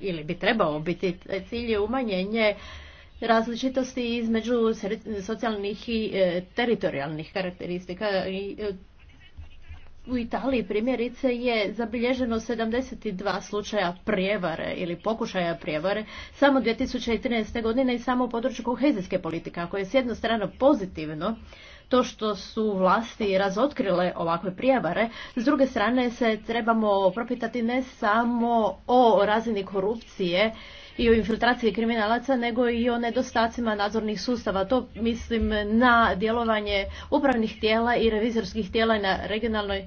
ili bi trebao biti cilj je umanjenje različitosti između socijalnih i e, teritorijalnih karakteristika i e, u Italiji primjerice je zabilježeno 72 slučaja prijevare ili pokušaja prijevare samo 2013. godine i samo u području kohezijske politike. Ako je s jedne strano pozitivno, to što su vlasti razotkrile ovakve prijevare, s druge strane se trebamo propitati ne samo o razini korupcije i o infiltraciji kriminalaca, nego i o nedostacima nadzornih sustava. To mislim na djelovanje upravnih tijela i revizorskih tijela na regionalnoj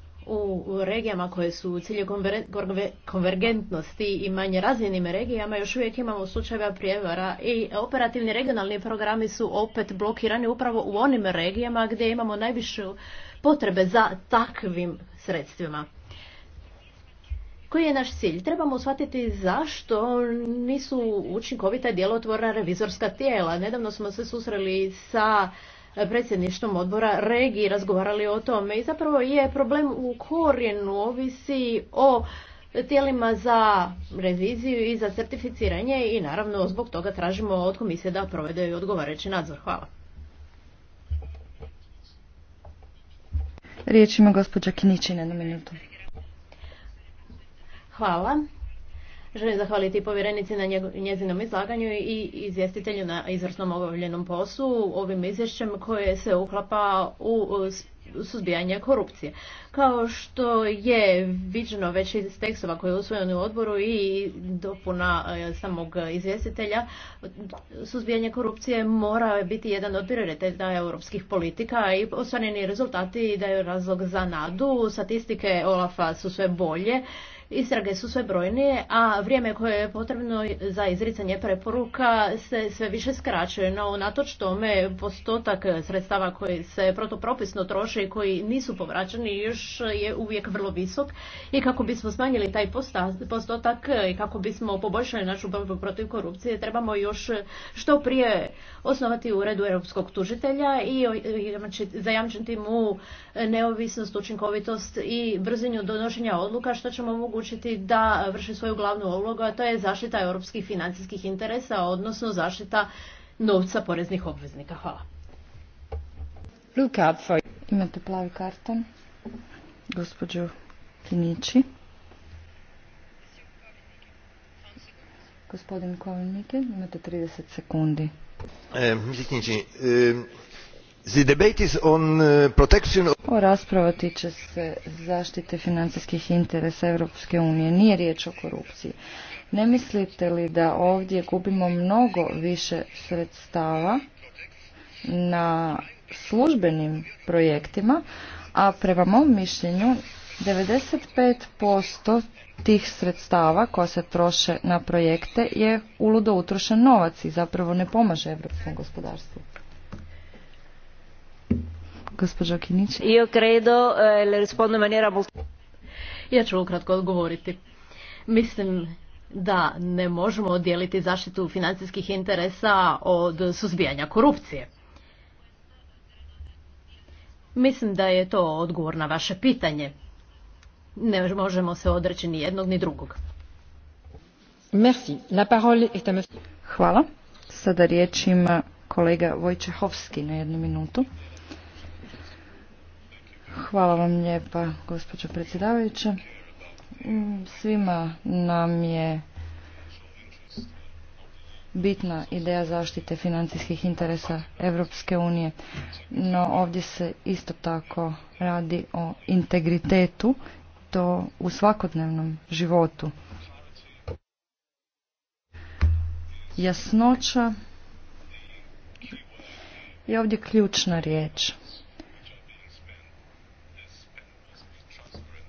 u regijama koje su u cilju konvergentnosti i manje razvijenim regijama još uvijek imamo slučajeva prijevara i operativni regionalni programi su opet blokirani upravo u onim regijama gdje imamo najviše potrebe za takvim sredstvima. Koji je naš cilj? Trebamo shvatiti zašto nisu učinkovita djelotvorna revizorska tijela. Nedavno smo se susreli sa predsjedništvom odbora regiji razgovarali o tome i zapravo je problem u korijenu ovisi o tijelima za reviziju i za certificiranje i naravno zbog toga tražimo od komisije da provede i odgovarajući nadzor. Hvala. Riječ ima gospođa na minutu. Hvala. Želim zahvaliti povjerenici na njezinom izlaganju i izvjestitelju na izvrsnom obavljenom poslu ovim izvješćem koje se uklapa u suzbijanje korupcije. Kao što je viđeno već iz tekstova koji je usvojen u odboru i dopuna e, samog izvjestitelja, suzbijanje korupcije mora biti jedan od prioriteta europskih politika i ostvareni rezultati daju razlog za nadu. Statistike Olafa su sve bolje Istrage su sve brojnije, a vrijeme koje je potrebno za izricanje preporuka se sve više skraćuje. No, natoč tome, postotak sredstava koji se protopropisno troše i koji nisu povraćeni još je uvijek vrlo visok. I kako bismo smanjili taj postotak i kako bismo poboljšali našu borbu protiv korupcije, trebamo još što prije osnovati uredu europskog tužitelja i zajamčiti mu e, neovisnost, učinkovitost i brzinu donošenja odluka što će mu omogućiti da vrši svoju glavnu ulogu, a to je zaštita europskih financijskih interesa, odnosno zaštita novca poreznih obveznika. Hvala. Imate plavi karton, gospođo Kinići. Gospodin Kovinike, imate 30 sekundi. E, e, Ova e, rasprava tiče se zaštite financijskih interesa Europske unije. Nije riječ o korupciji. Ne mislite li da ovdje gubimo mnogo više sredstava na službenim projektima, a prema mom mišljenju 95% tih sredstava koja se troše na projekte je uludo utrošen novac i zapravo ne pomaže evropskom gospodarstvu. Gospođo Kinić. Io credo, eh, le rispondo in maniera molto... Ja ću ukratko odgovoriti. Mislim da ne možemo odijeliti zaštitu financijskih interesa od suzbijanja korupcije. Mislim da je to odgovor na vaše pitanje ne možemo se odreći ni jednog ni drugog. Merci. La parole est à Hvala. Sada riječ ima kolega Vojčehovski na jednu minutu. Hvala vam lijepa, gospođo predsjedavajuća. Mm, svima nam je bitna ideja zaštite financijskih interesa Europske unije, no ovdje se isto tako radi o integritetu to u svakodnevnom životu. Jasnoća je ovdje ključna riječ.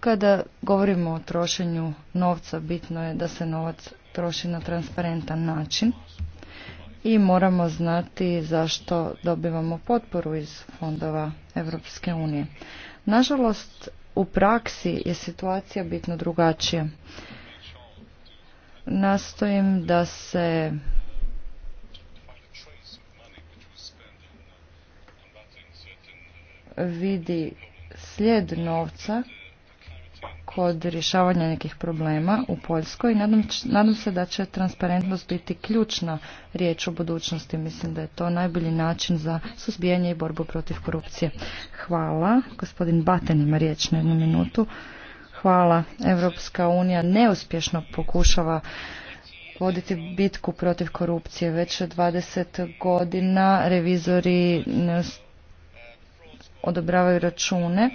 Kada govorimo o trošenju novca, bitno je da se novac troši na transparentan način i moramo znati zašto dobivamo potporu iz fondova Europske unije. Nažalost, u praksi je situacija bitno drugačija. Nastojim da se vidi slijed novca kod rješavanja nekih problema u Poljskoj nadam, nadam se da će transparentnost biti ključna riječ u budućnosti. Mislim da je to najbolji način za suzbijanje i borbu protiv korupcije. Hvala. Gospodin Baten ima riječ na jednu minutu. Hvala. Europska unija neuspješno pokušava voditi bitku protiv korupcije. Već 20 godina revizori odobravaju račune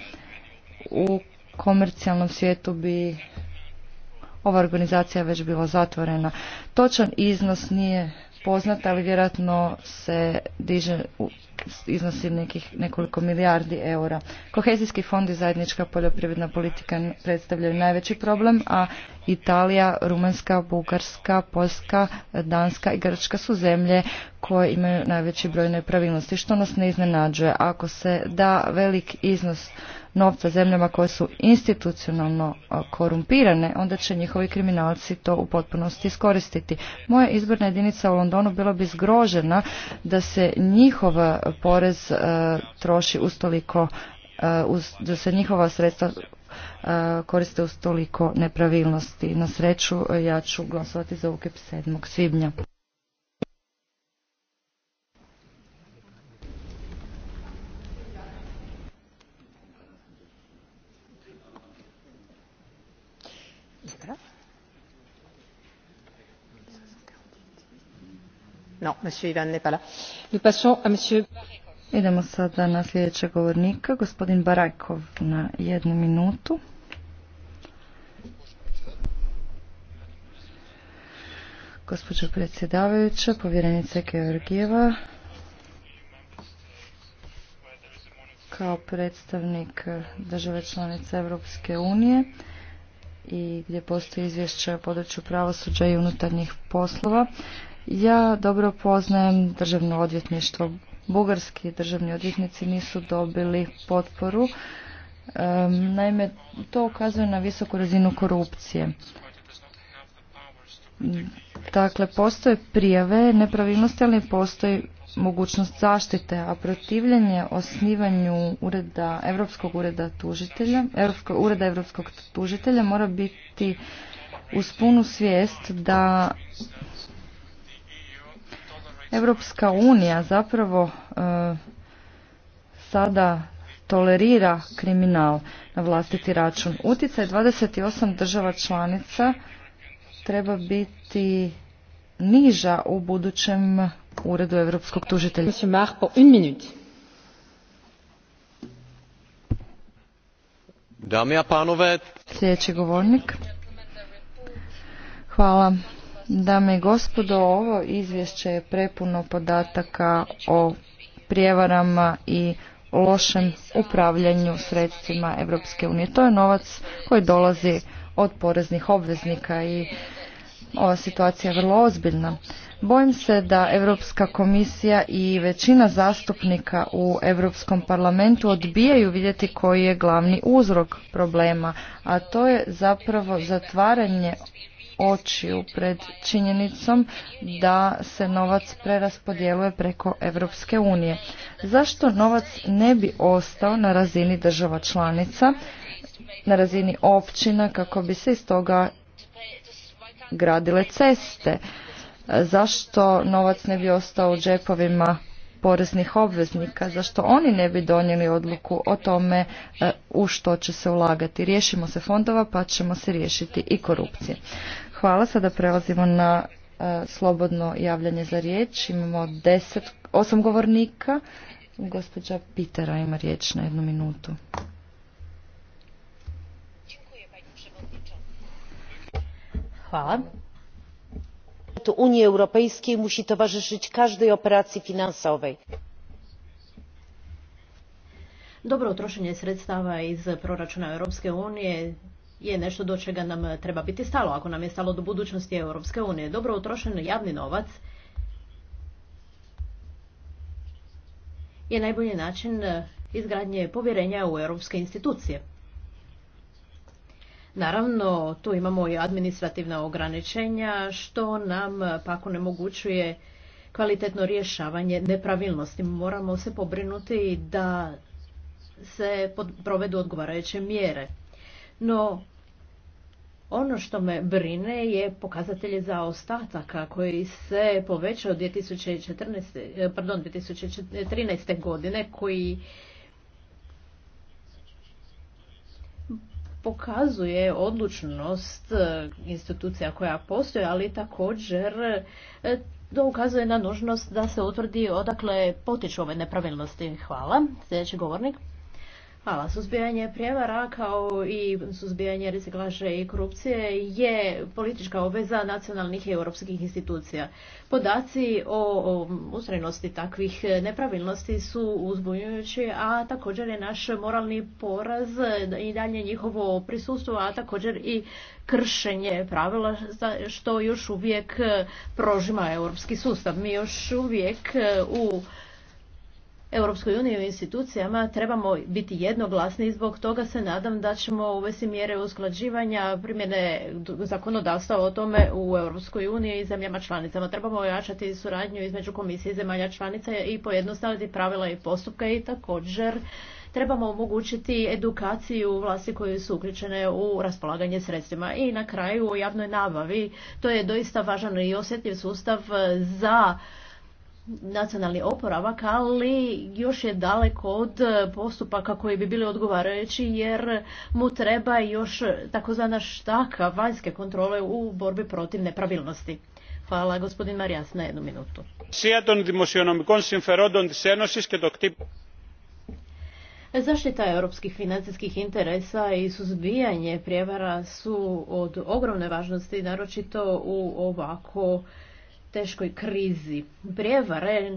u komercijalnom svijetu bi ova organizacija već bila zatvorena. Točan iznos nije poznat, ali vjerojatno se diže u iznosi nekih nekoliko milijardi eura. Kohezijski fond i zajednička poljoprivredna politika predstavljaju najveći problem, a Italija, Rumanska, Bugarska, Poljska, Danska i Grčka su zemlje koje imaju najveći broj nepravilnosti, što nas ne iznenađuje. Ako se da velik iznos novca zemljama koje su institucionalno e, korumpirane, onda će njihovi kriminalci to u potpunosti iskoristiti. Moja izborna jedinica u Londonu bila bi zgrožena da se njihov porez e, troši uz toliko, e, da se njihova sredstva koriste uz toliko nepravilnosti. Na sreću ja ću glasovati za UKIP 7. svibnja. Idemo sada na sljedećeg govornika, gospodin Barajkov, na jednu minutu. Gospođo predsjedavajuća, povjerenica Georgijeva, kao predstavnik države članice Europske unije i gdje postoji izvješće o području pravosuđa i unutarnjih poslova, ja dobro poznajem državno odvjetništvo. Bugarski državni odvjetnici nisu dobili potporu. Naime, to ukazuje na visoku razinu korupcije. Dakle, postoje prijave nepravilnosti, ali postoji mogućnost zaštite, a protivljenje osnivanju ureda, Europskog ureda tužitelja, ureda Europskog tužitelja mora biti uz punu svijest da Europska unija zapravo e, sada tolerira kriminal na vlastiti račun. Uticaj 28 država članica treba biti niža u budućem uredu Europskog tužitelja. Dame panove. Sljedeći govornik. Hvala. Dame i gospodo, ovo izvješće je prepuno podataka o prijevarama i lošem upravljanju sredstvima Europske unije. To je novac koji dolazi od poreznih obveznika i ova situacija je vrlo ozbiljna. Bojim se da Europska komisija i većina zastupnika u Europskom parlamentu odbijaju vidjeti koji je glavni uzrok problema, a to je zapravo zatvaranje očiju pred činjenicom da se novac preraspodjeluje preko Europske unije. Zašto novac ne bi ostao na razini država članica, na razini općina kako bi se iz toga gradile ceste? Zašto novac ne bi ostao u džepovima poreznih obveznika, zašto oni ne bi donijeli odluku o tome e, u što će se ulagati. Riješimo se fondova pa ćemo se riješiti i korupcije. Hvala. Sada prelazimo na e, slobodno javljanje za riječ. Imamo deset, osam govornika. Gospođa Pitera ima riječ na jednu minutu. Hvala. Unii Europejskiej musi towarzyszyć każdej operacji finansowej. Dobro utrošenje sredstava iz proračuna Europske unije je nešto do čega nam eh, treba biti stalo, ako nam je stalo do budućnosti Europske unije. Dobro utrošen javni novac je najbolji način eh, izgradnje povjerenja u europske institucije. Naravno, tu imamo i administrativna ograničenja, što nam eh, pak onemogućuje kvalitetno rješavanje nepravilnosti. Moramo se pobrinuti da se provedu odgovarajuće mjere. No, ono što me brine je pokazatelje za ostataka koji se povećao 2014, eh, pardon, 2013. godine koji pokazuje odlučnost eh, institucija koja postoje, ali također eh, to ukazuje na nužnost da se utvrdi odakle potiču ove nepravilnosti. Hvala. Sljedeći govornik. Hvala. Suzbijanje prijevara kao i suzbijanje reciklaže i korupcije je politička obveza nacionalnih i europskih institucija. Podaci o ustrajnosti takvih nepravilnosti su uzbunjujući, a također je naš moralni poraz i dalje njihovo prisustvo, a također i kršenje pravila što još uvijek prožima europski sustav. Mi još uvijek u Europskoj uniji u institucijama trebamo biti jednoglasni i zbog toga se nadam da ćemo uvesti mjere usklađivanja primjene zakonodavstva o tome u Europskoj uniji i zemljama članicama. Trebamo ojačati suradnju između komisije zemalja članica i pojednostaviti pravila i postupke i također trebamo omogućiti edukaciju vlasti koje su uključene u raspolaganje sredstvima. I na kraju u javnoj nabavi to je doista važan i osjetljiv sustav za nacionalni oporavak, ali još je daleko od e, postupaka koji bi bili odgovarajući jer mu treba još takozvana štaka vanjske kontrole u borbi protiv nepravilnosti. Hvala gospodin Marijas na jednu minutu. Zaštita europskih financijskih interesa i suzbijanje prijevara su od ogromne važnosti, naročito u ovako teškoj krizi. Prijevare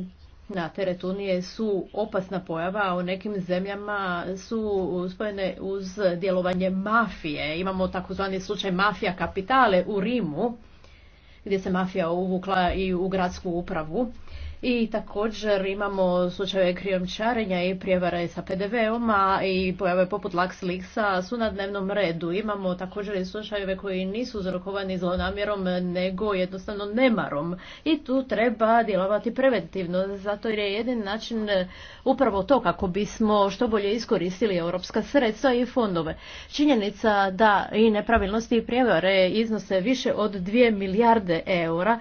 na teret Unije su opasna pojava, a u nekim zemljama su spojene uz djelovanje mafije. Imamo takozvani slučaj mafija kapitale u Rimu, gdje se mafija uvukla i u gradsku upravu. I također imamo slučajeve krijomčarenja i prijevare sa PDV-om, i pojave poput lax lixa su na dnevnom redu. Imamo također i slučajeve koji nisu uzrokovani zlonamjerom, nego jednostavno nemarom. I tu treba djelovati preventivno, zato jer je jedin način upravo to kako bismo što bolje iskoristili europska sredstva i fondove. Činjenica da i nepravilnosti i prijevare iznose više od 2 milijarde eura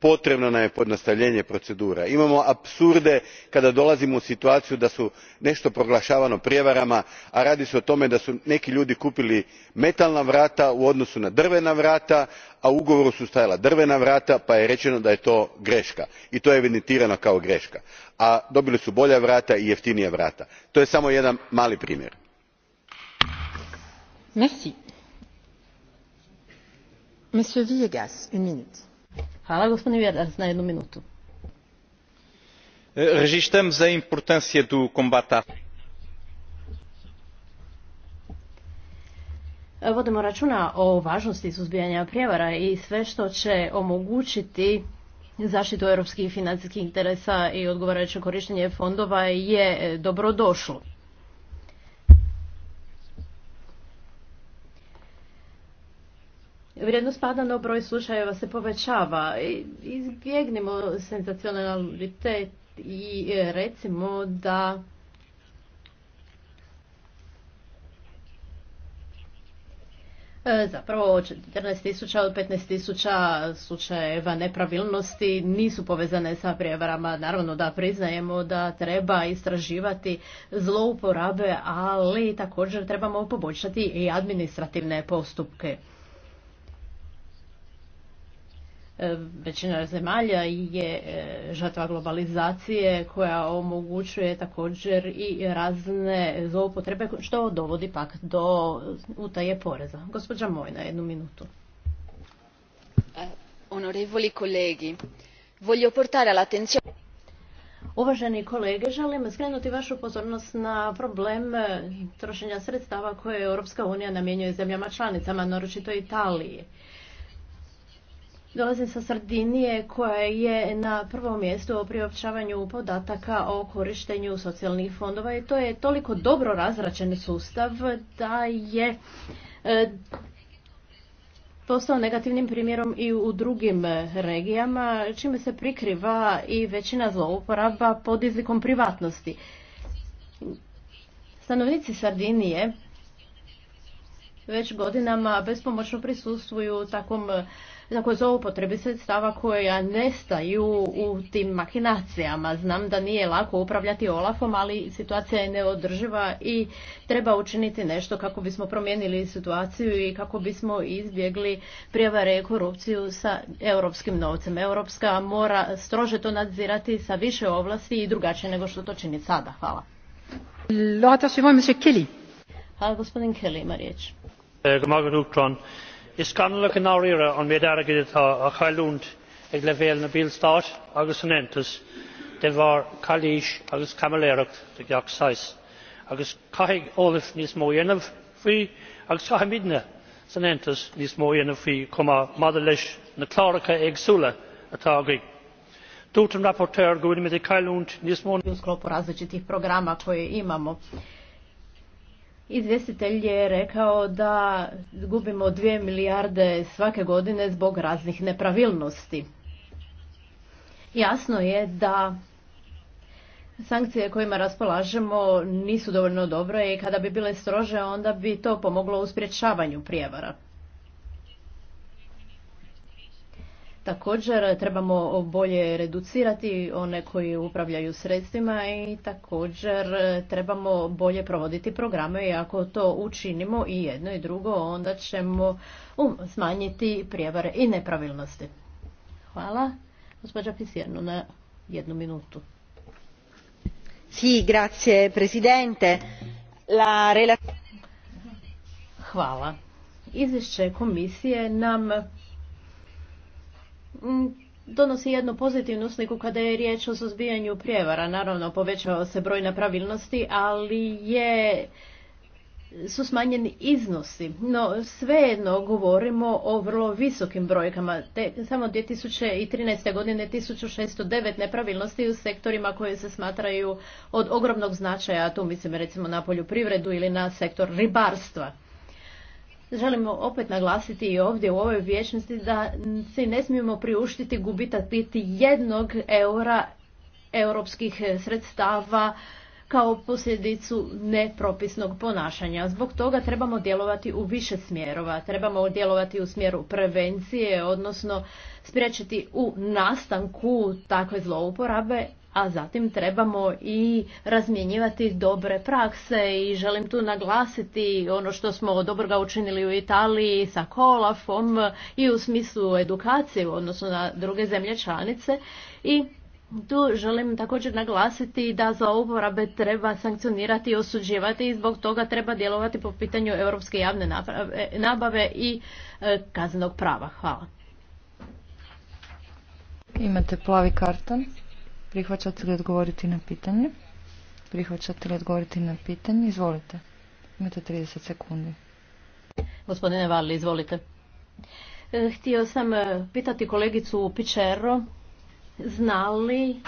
potrebno nam je pojednostavljenje procedura. imamo apsurde kada dolazimo u situaciju da su nešto proglašavano prijevarama a radi se o tome da su neki ljudi kupili metalna vrata u odnosu na drvena vrata a u ugovoru su stajala drvena vrata pa je rečeno da je to greška i to je evidentirano kao greška a dobili su bolja vrata i jeftinija vrata. to je samo jedan mali primjer. Hvala, gospodin Vjeras, na jednu minutu. Registramos a do Vodimo računa o važnosti suzbijanja prijevara i sve što će omogućiti zaštitu europskih financijskih interesa i odgovarajuće korištenje fondova je dobrodošlo. vrijednost pada, na broj slučajeva se povećava. Izbjegnimo senzacionalitet i e, recimo da e, Zapravo od 14.000 od 15.000 slučajeva nepravilnosti nisu povezane sa prijevarama. Naravno da priznajemo da treba istraživati zlouporabe, ali također trebamo poboljšati i administrativne postupke većina zemalja je e, žrtva globalizacije koja omogućuje također i razne zloupotrebe što dovodi pak do utaje poreza. Gospođa Mojna, jednu minutu. Eh, onorevoli kolegi, voglio portare Uvaženi kolege, želim skrenuti vašu pozornost na problem e, trošenja sredstava koje Europska unija namjenjuje zemljama članicama, naročito Italiji. Dolazim sa Sardinije koja je na prvom mjestu o priopćavanju podataka o korištenju socijalnih fondova i to je toliko dobro razračen sustav da je e, postao negativnim primjerom i u drugim regijama, čime se prikriva i većina zlouporaba pod izlikom privatnosti. Stanovnici Sardinije već godinama bespomoćno prisustvuju takvom dakle, se sredstava koja nestaju u tim makinacijama. Znam da nije lako upravljati Olafom, ali situacija je neodrživa i treba učiniti nešto kako bismo promijenili situaciju i kako bismo izbjegli prijevare i korupciju sa europskim novcem. Europska mora strože to nadzirati sa više ovlasti i drugačije nego što to čini sada. Hvala. Hvala gospodin Kelly ima riječ. Eh, is scannaíonn an áirithe an méid airgid atá a chailliúint ag le na bílstáit agus san aontas de bharr cailíís agus camailéireacht do gheach sois agus caithfidh eolais níos mó dhéanamh faoi agus caithfidh midine san aontas níos mó dhéanamh faoi chomh maith leis na chláracha éagsúla atá agaibh. tu sam raporteur govorim da je kailund nismo. u sklopu različitih programa koje imamo Izvjestitelj je rekao da gubimo dvije milijarde svake godine zbog raznih nepravilnosti. Jasno je da sankcije kojima raspolažemo nisu dovoljno dobre i kada bi bile strože onda bi to pomoglo u sprječavanju prijevara. Također trebamo bolje reducirati one koji upravljaju sredstvima i također trebamo bolje provoditi programe i ako to učinimo i jedno i drugo onda ćemo um, smanjiti prijevare i nepravilnosti. Hvala. Gospođa Pisjerno na jednu minutu. Sì, grazie presidente. La Hvala. Izvješće komisije nam donosi jednu pozitivnu sliku kada je riječ o suzbijanju prijevara. Naravno, povećao se broj nepravilnosti, ali je su smanjeni iznosi. No, svejedno govorimo o vrlo visokim brojkama. Te, samo 2013. godine 1609 nepravilnosti u sektorima koje se smatraju od ogromnog značaja, tu mislim recimo na poljoprivredu ili na sektor ribarstva. Želimo opet naglasiti i ovdje u ovoj vječnosti da se ne smijemo priuštiti gubitak biti jednog eura europskih sredstava kao posljedicu nepropisnog ponašanja. Zbog toga trebamo djelovati u više smjerova. Trebamo djelovati u smjeru prevencije, odnosno spriječiti u nastanku takve zlouporabe, a zatim trebamo i razmjenjivati dobre prakse i želim tu naglasiti ono što smo dobroga učinili u Italiji sa Kolafom i u smislu edukacije odnosno na druge zemlje članice i tu želim također naglasiti da za uporabe treba sankcionirati i osuđivati i zbog toga treba djelovati po pitanju europske javne nabave i e, kaznenog prava. Hvala. Imate plavi karton. Prihvaćate li odgovoriti na pitanje? Prihvaćate li odgovoriti na pitanje? Izvolite. Imate 30 sekundi. Gospodine Vali, izvolite. E, htio sam e, pitati kolegicu Pičero, zna li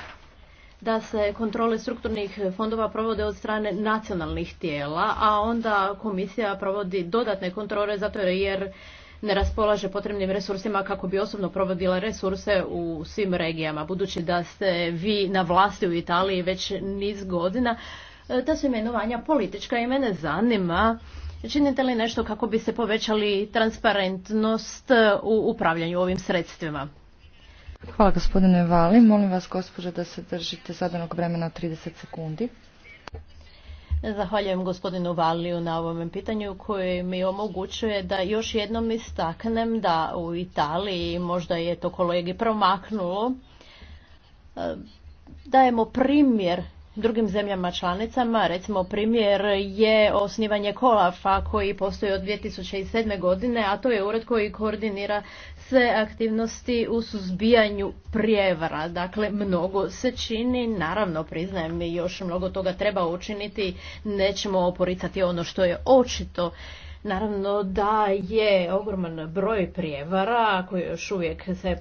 da se kontrole strukturnih fondova provode od strane nacionalnih tijela, a onda komisija provodi dodatne kontrole zato jer ne raspolaže potrebnim resursima kako bi osobno provodila resurse u svim regijama. Budući da ste vi na vlasti u Italiji već niz godina, e, ta su imenovanja politička i mene zanima činite li nešto kako bi se povećali transparentnost u upravljanju ovim sredstvima. Hvala gospodine Vali. Molim vas gospođo da se držite zadanog vremena 30 sekundi. Zahvaljujem gospodinu Valiju na ovom pitanju koje mi omogućuje da još jednom istaknem da u Italiji, možda je to kolegi promaknulo, e, dajemo primjer drugim zemljama članicama. Recimo primjer je osnivanje Kolafa koji postoji od 2007. godine, a to je ured koji koordinira sve aktivnosti u suzbijanju prijevara. Dakle, mnogo se čini, naravno priznajem još mnogo toga treba učiniti, nećemo oporicati ono što je očito. Naravno da je ogroman broj prijevara koji još uvijek se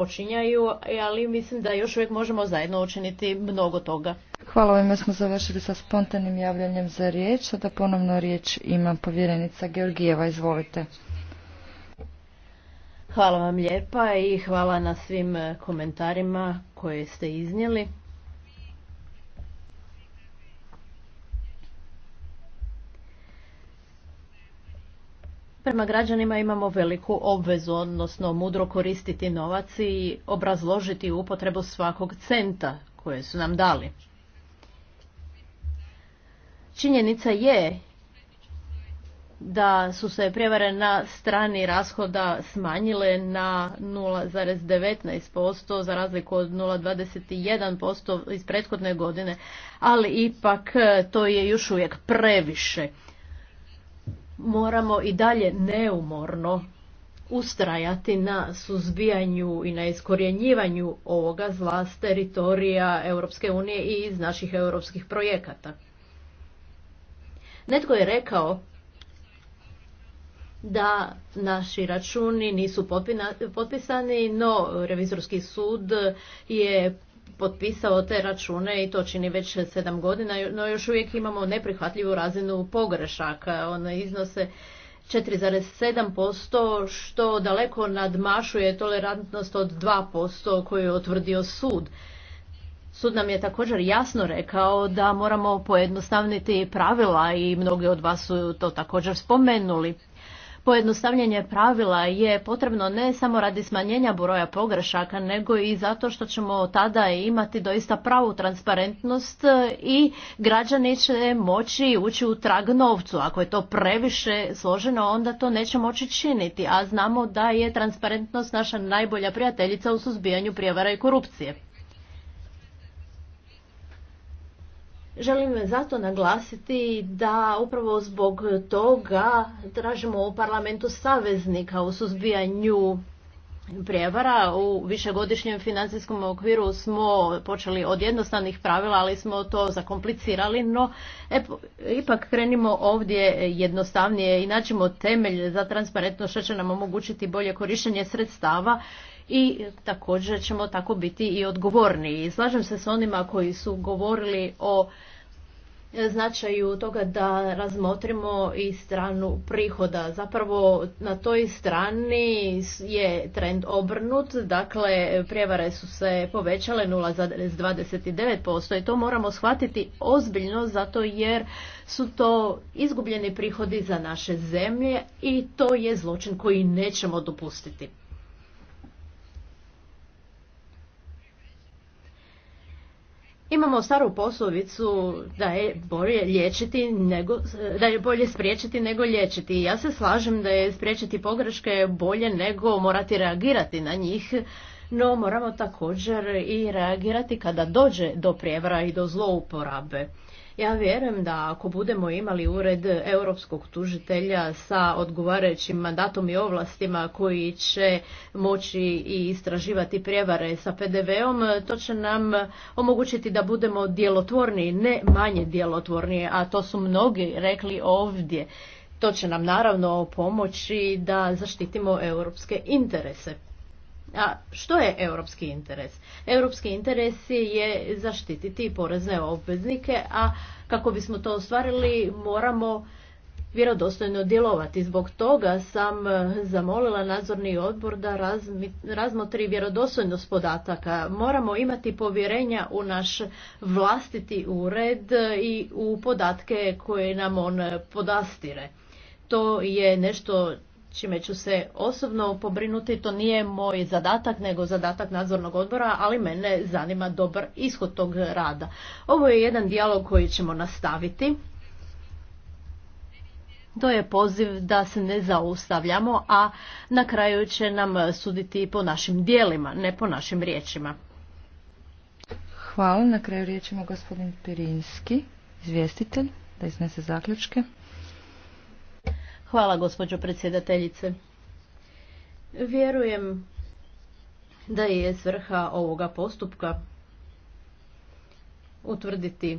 počinjaju, ali mislim da još uvijek možemo zajedno učiniti mnogo toga. Hvala vam, smo završili sa spontanim javljanjem za riječ. Sada ponovno riječ ima povjerenica Georgijeva, izvolite. Hvala vam lijepa i hvala na svim komentarima koje ste iznijeli. Prema građanima imamo veliku obvezu, odnosno mudro koristiti novac i obrazložiti upotrebu svakog centa koje su nam dali. Činjenica je da su se prijevare na strani rashoda smanjile na 0,19% za razliku od 0,21% iz prethodne godine, ali ipak to je još uvijek previše moramo i dalje neumorno ustrajati na suzbijanju i na iskorjenjivanju ovoga zla s teritorija Europske unije i iz naših europskih projekata. Netko je rekao da naši računi nisu potpisani, no revizorski sud je potpisao te račune i to čini već sedam godina, no još uvijek imamo neprihvatljivu razinu pogrešaka. One iznose 4,7% što daleko nadmašuje tolerantnost od 2% koju je otvrdio sud. Sud nam je također jasno rekao da moramo pojednostavniti pravila i mnogi od vas su to također spomenuli. Pojednostavljanje pravila je potrebno ne samo radi smanjenja broja pogrešaka, nego i zato što ćemo tada imati doista pravu transparentnost i građani će moći ući u trag novcu. Ako je to previše složeno, onda to neće moći činiti, a znamo da je transparentnost naša najbolja prijateljica u suzbijanju prijevara i korupcije. Želim zato naglasiti da upravo zbog toga tražimo u parlamentu saveznika u suzbijanju prijevara. U višegodišnjem financijskom okviru smo počeli od jednostavnih pravila, ali smo to zakomplicirali, no ipak krenimo ovdje jednostavnije i naćemo temelj za transparentno što će nam omogućiti bolje korištenje sredstava i također ćemo tako biti i odgovorniji. Slažem se s onima koji su govorili o značaju toga da razmotrimo i stranu prihoda. Zapravo na toj strani je trend obrnut, dakle prijevare su se povećale 0,29% i to moramo shvatiti ozbiljno zato jer su to izgubljeni prihodi za naše zemlje i to je zločin koji nećemo dopustiti. Imamo staru poslovicu da je bolje liječiti nego, da je bolje spriječiti nego liječiti. Ja se slažem da je spriječiti pogreške bolje nego morati reagirati na njih, no moramo također i reagirati kada dođe do prijevara i do zlouporabe. Ja vjerujem da ako budemo imali ured europskog tužitelja sa odgovarajućim mandatom i ovlastima koji će moći i istraživati prijevare sa PDV-om, to će nam omogućiti da budemo djelotvorniji, ne manje djelotvorniji, a to su mnogi rekli ovdje. To će nam naravno pomoći da zaštitimo europske interese. A što je europski interes? Europski interes je zaštititi porezne obveznike, a kako bismo to ostvarili moramo vjerodostojno djelovati. Zbog toga sam e, zamolila nadzorni odbor da razmotri vjerodostojnost podataka. Moramo imati povjerenja u naš vlastiti ured i u podatke koje nam on podastire. To je nešto čime ću se osobno pobrinuti. To nije moj zadatak, nego zadatak nadzornog odbora, ali mene zanima dobar ishod tog rada. Ovo je jedan dijalog koji ćemo nastaviti. To je poziv da se ne zaustavljamo, a na kraju će nam suditi po našim dijelima, ne po našim riječima. Hvala. Na kraju riječima gospodin Pirinski, izvjestitelj, da iznese zaključke. Hvala gospođo predsjedateljice. Vjerujem da je svrha ovoga postupka utvrditi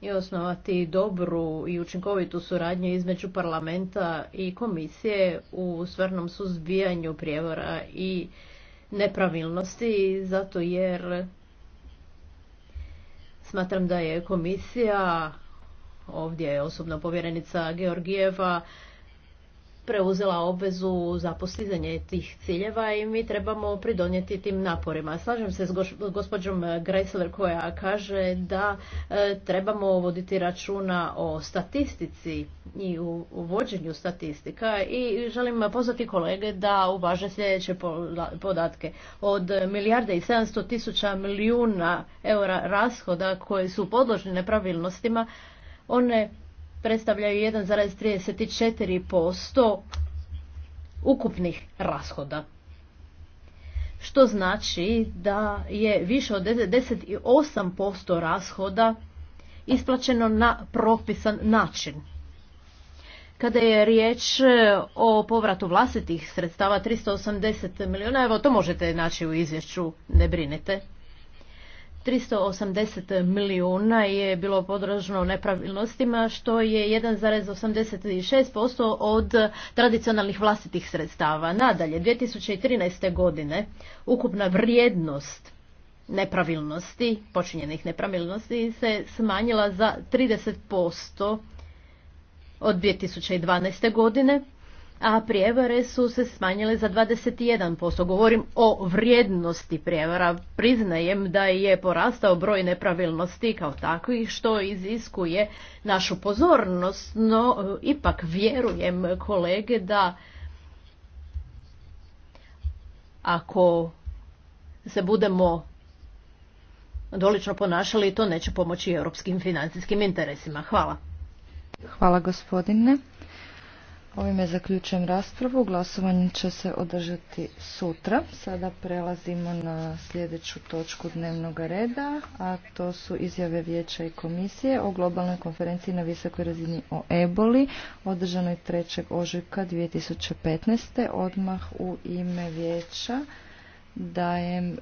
i osnovati dobru i učinkovitu suradnju između parlamenta i komisije u stvarnom suzbijanju prijevora i nepravilnosti, zato jer smatram da je komisija Ovdje je osobno povjerenica Georgijeva preuzela obvezu za postizanje tih ciljeva i mi trebamo pridonijeti tim naporima. Slažem se s gospođom Greisler koja kaže da e, trebamo voditi računa o statistici i u vođenju statistika i želim pozvati kolege da uvaže sljedeće podatke. Od milijarde i 700 tisuća milijuna eura rashoda koji su podložni nepravilnostima, one predstavljaju 1,34% ukupnih rashoda. Što znači da je više od 98% rashoda isplaćeno na propisan način. Kada je riječ e, o povratu vlastitih sredstava 380 milijuna, evo to možete naći u izvješću, ne brinete. 380 milijuna je bilo podrožno nepravilnostima, što je 1,86% od tradicionalnih vlastitih sredstava. Nadalje, 2013. godine ukupna vrijednost nepravilnosti, počinjenih nepravilnosti, se smanjila za 30% od 2012. godine a prijevare su se smanjile za 21%. Govorim o vrijednosti prijevara. Priznajem da je porastao broj nepravilnosti kao takvih što iziskuje našu pozornost, no e, ipak vjerujem kolege da ako se budemo dolično ponašali, to neće pomoći europskim financijskim interesima. Hvala. Hvala gospodine. Ovime zaključujem raspravu. Glasovanje će se održati sutra. Sada prelazimo na sljedeću točku dnevnog reda, a to su izjave Vijeća i Komisije o globalnoj konferenciji na visokoj razini o eboli, održanoj 3. ožujka 2015. Odmah u ime Vijeća dajem